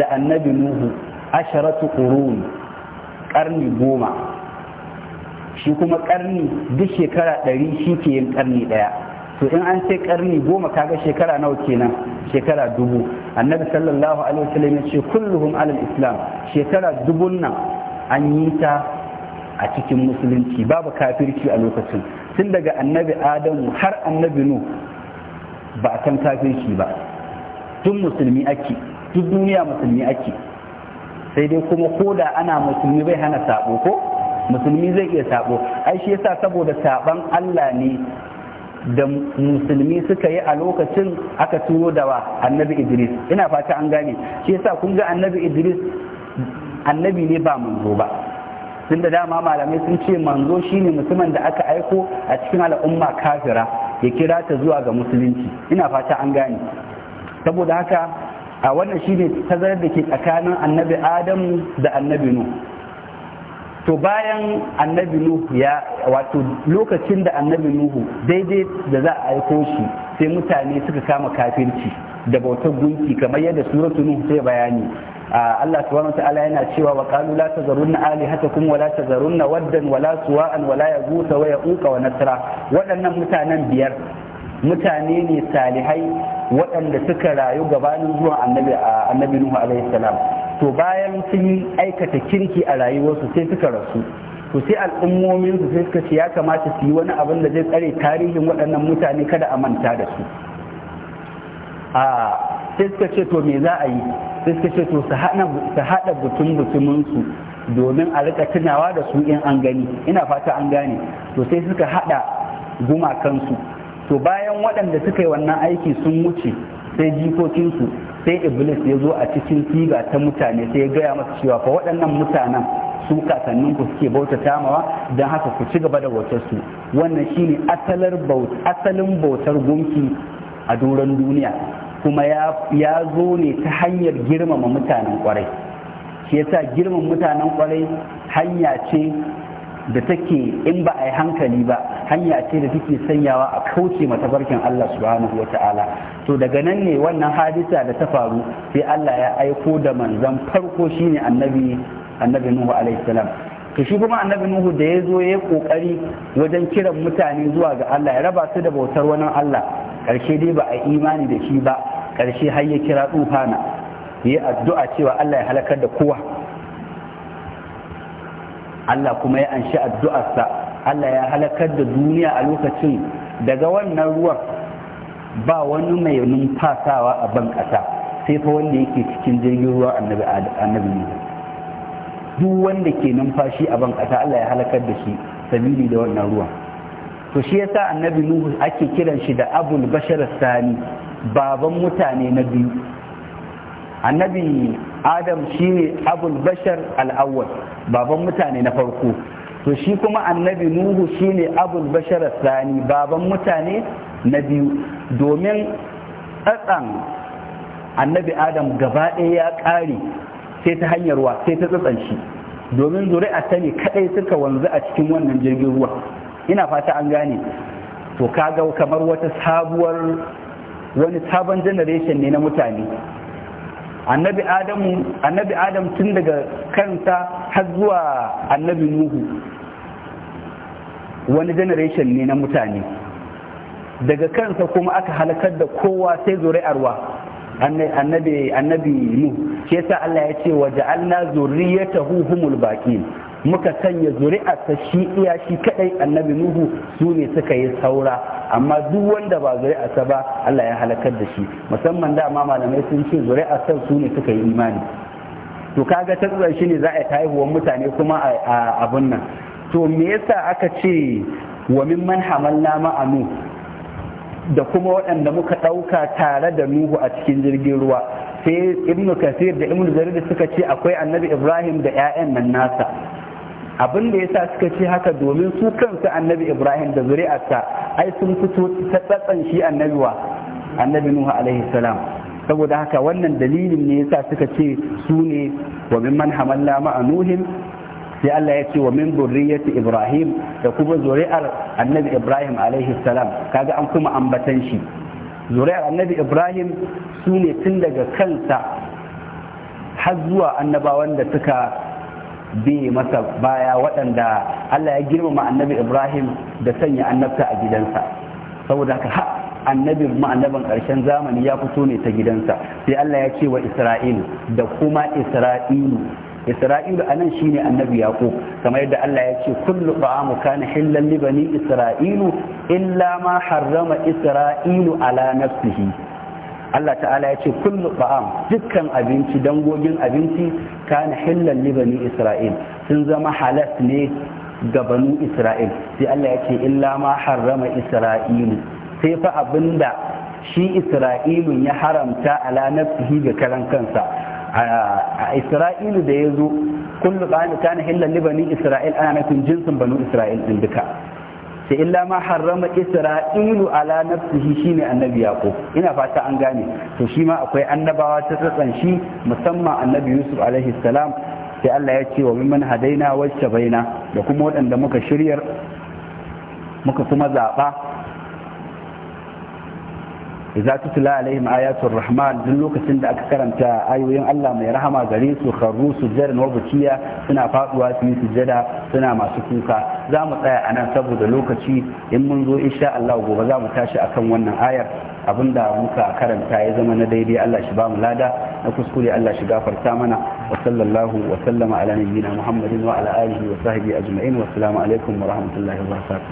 da annabi nuhu asharatu qurun karni goma shi kuma karni duk shekara ɗari shi ke yin karni ɗaya to in an ce karni goma kaga shekara nawa kenan shekara dubu annabi sallallahu alaihi wasallam ya ce kulluhum ala islam shekara dubun nan an yi ta a cikin musulunci babu kafirci a lokacin tun daga annabi adamu har annabi nu ba a san kafirci ba tun musulmi ake duk duniya musulmi ake sai dai kuma ko da ana musulmi bai hana sabo ko musulmi zai iya sabo ai shi yasa saboda saban Allah ne da musulmi suka yi a lokacin aka turo da wa annabi Idris ina fata an gane shi yasa kun ga annabi Idris annabi ne ba manzo ba tun da dama malamai sun ce manzo shine musulman da aka aiko a cikin al'umma kafira ya kira ta zuwa ga musulunci ina fata an gane saboda haka a wannan shine tazarar da ke tsakanin annabi adamu da annabi nuhu to bayan annabi nuhu ya wato lokacin da annabi nuhu daidai da za a aiko shi sai mutane suka kama kafirci da bautar gunki kamar yadda suratu nuhu sai bayani Allah subhanahu ta'ala yana cewa wa qalu la tazarunna alihatakum wa la tazarunna waddan wa la suwa'an wa la yaghutha wa yaquqa wa nasra waɗannan mutanen biyar mutane ne salihai waɗanda suka rayu gabanin zuwan annabi annabi Nuhu alaihi salam to bayan sun aikata kirki a rayuwarsu sai suka rasu to sai al'ummomin su sai suka ce ya kamata su yi wani abin da zai tsare tarihin waɗannan mutane kada a manta da su sai suka ce to me za a yi sai suka ce to su haɗa butun butumin su domin a rika tunawa da su in an gani ina fata an gane to sai suka haɗa gumakansu to bayan waɗanda suka yi wannan aiki sun wuce sai jikokinsu sai iblis ya zo a cikin siga ta mutane sai ya gaya masa cewa fa waɗannan mutanen su kasannin ku suke bauta tamawa don haka ku ci gaba da bautar su wannan shine asalin bautar gunki a duran duniya kuma ya zo ne ta hanyar girmama mutanen kwarai shi yasa girmama mutanen kwarai hanya ce da take in ba a yi hankali ba hanya ce da take sanyawa a kauce matabarkin Allah subhanahu wa ta'ala to daga nan ne wannan hadisa da ta faru sai Allah ya aiko da manzan farko shine annabi annabi Nuhu alaihi salam to shi kuma annabi Nuhu da ya zo ya kokari wajen kiran mutane zuwa ga Allah ya raba su da bautar wani Allah karshe dai ba a imani da shi ba Karshe har ya kira tsufana ya addu'a cewa Allah ya halakar da kowa Allah kuma ya anshi addu'arsa Allah ya halakar da duniya a lokacin daga wannan ruwan ba wani mai numfasawa a ban ƙasa sai fa wanda yake cikin jirgin ruwa annabi ne duk wanda ke numfashi a ban ƙasa Allah ya halakar da shi sabili da wannan ruwan to shi yasa annabi nuhu ake kiran shi da abul bashar sani baban mutane na biyu annabi adam shine abul bashar al'awwal baban mutane na farko to shi kuma annabi nuhu shine abul bashar sani baban mutane na biyu domin tsatsan annabi adam gaba ɗaya ya ƙare sai ta hanyar wa sai ta tsatsan shi domin zuri'a a sani kaɗai suka wanzu a cikin wannan jirgin ruwa ina fata an gane to kaga kamar wata sabuwar wani sabon generation ne na mutane annabi adamu annabi adam tun daga kansa har zuwa annabi nuhu wani generation ne na mutane daga kansa kuma aka halakar da kowa sai zuri'arwa annabi annabi nuhu Ke sa Allah ya ce wa ja'alna zurriyatahu humul baqin muka sanya ta shi iya shi kadai annabi nuhu su ne suka yi saura amma duk wanda ba zuri'a ta ba Allah ya halakar da shi musamman da ma malamai sun ce zuri'a su ne suka yi imani to kaga ta shi ne za a yi haihuwar mutane kuma a abun nan to me yasa aka ce wa min man hamalna ma'anu da kuma waɗanda muka ɗauka tare da nuhu a cikin jirgin ruwa sai ibnu kasir da ibnu jarir suka ce akwai annabi ibrahim da 'ya'yan nan nasa abin da yasa suka ce haka domin su kansu annabi ibrahim da zuri'arsa ai sun fito ta tsatsan shi annabi wa annabi nuhu alaihi salam saboda haka wannan dalilin ne yasa suka ce su ne wa man hamalla ma nuhin sai Allah ya ce wa min zurriyyati ibrahim da kuma zuri'ar annabi ibrahim alaihi salam kaga an kuma ambatan shi zuri'ar annabi ibrahim su ne tun daga kansa har zuwa annabawan da suka bi masa baya waɗanda Allah ya girmama annabi Ibrahim da sanya annabta a gidansa saboda haka ha annabi ma'anaban ƙarshen zamani ya fito ne ta gidansa sai Allah ya ce wa Isra'ilu da kuma Isra'ilu Isra'ilu anan shine annabi Yaqub kamar yadda Allah ya ce kullu ta'amu kana hillan li bani Isra'ilu illa ma harrama Isra'ilu ala nafsihi Allah ta'ala ya ce kullu ba'am dukkan abinci dangogin abinci kana hillan li bani isra'il sun zama halas ne ga banu isra'il sai Allah ya ce illa ma harrama isra'ilu sai fa abinda shi isra'ilun ya haramta ala nafsihi ga karan kansa a isra'ilu da ya zo kullu ba'am kana hillan li bani isra'il ana nufin jinsin banu isra'il din duka sai illa ma harrama isra'ilu ala nafsihi shine annabi yaqub ina fata an gane to shi ma akwai annabawa ta tsatsan shi musamman annabi yusuf alaihi salam sai Allah ya ce wa mimman hadaina wacce baina da kuma waɗanda muka shiryar muka kuma zaɓa idza tutla alaihim ayatul rahman duk lokacin da aka karanta ayoyin Allah mai rahama gare su kharru sujjadan na bukiya suna faduwa su yi sujjada suna masu kuka za mu tsaya anan saboda lokaci in mun zo in sha Allah gobe za mu tashi akan wannan ayar abin da muka karanta ya zama na daidai Allah shi ba lada na kuskure Allah shi gafarta mana wa sallallahu wa sallama ala nabiyyina wa ala alihi wa sahbihi ajma'in wa assalamu wa rahmatullahi wa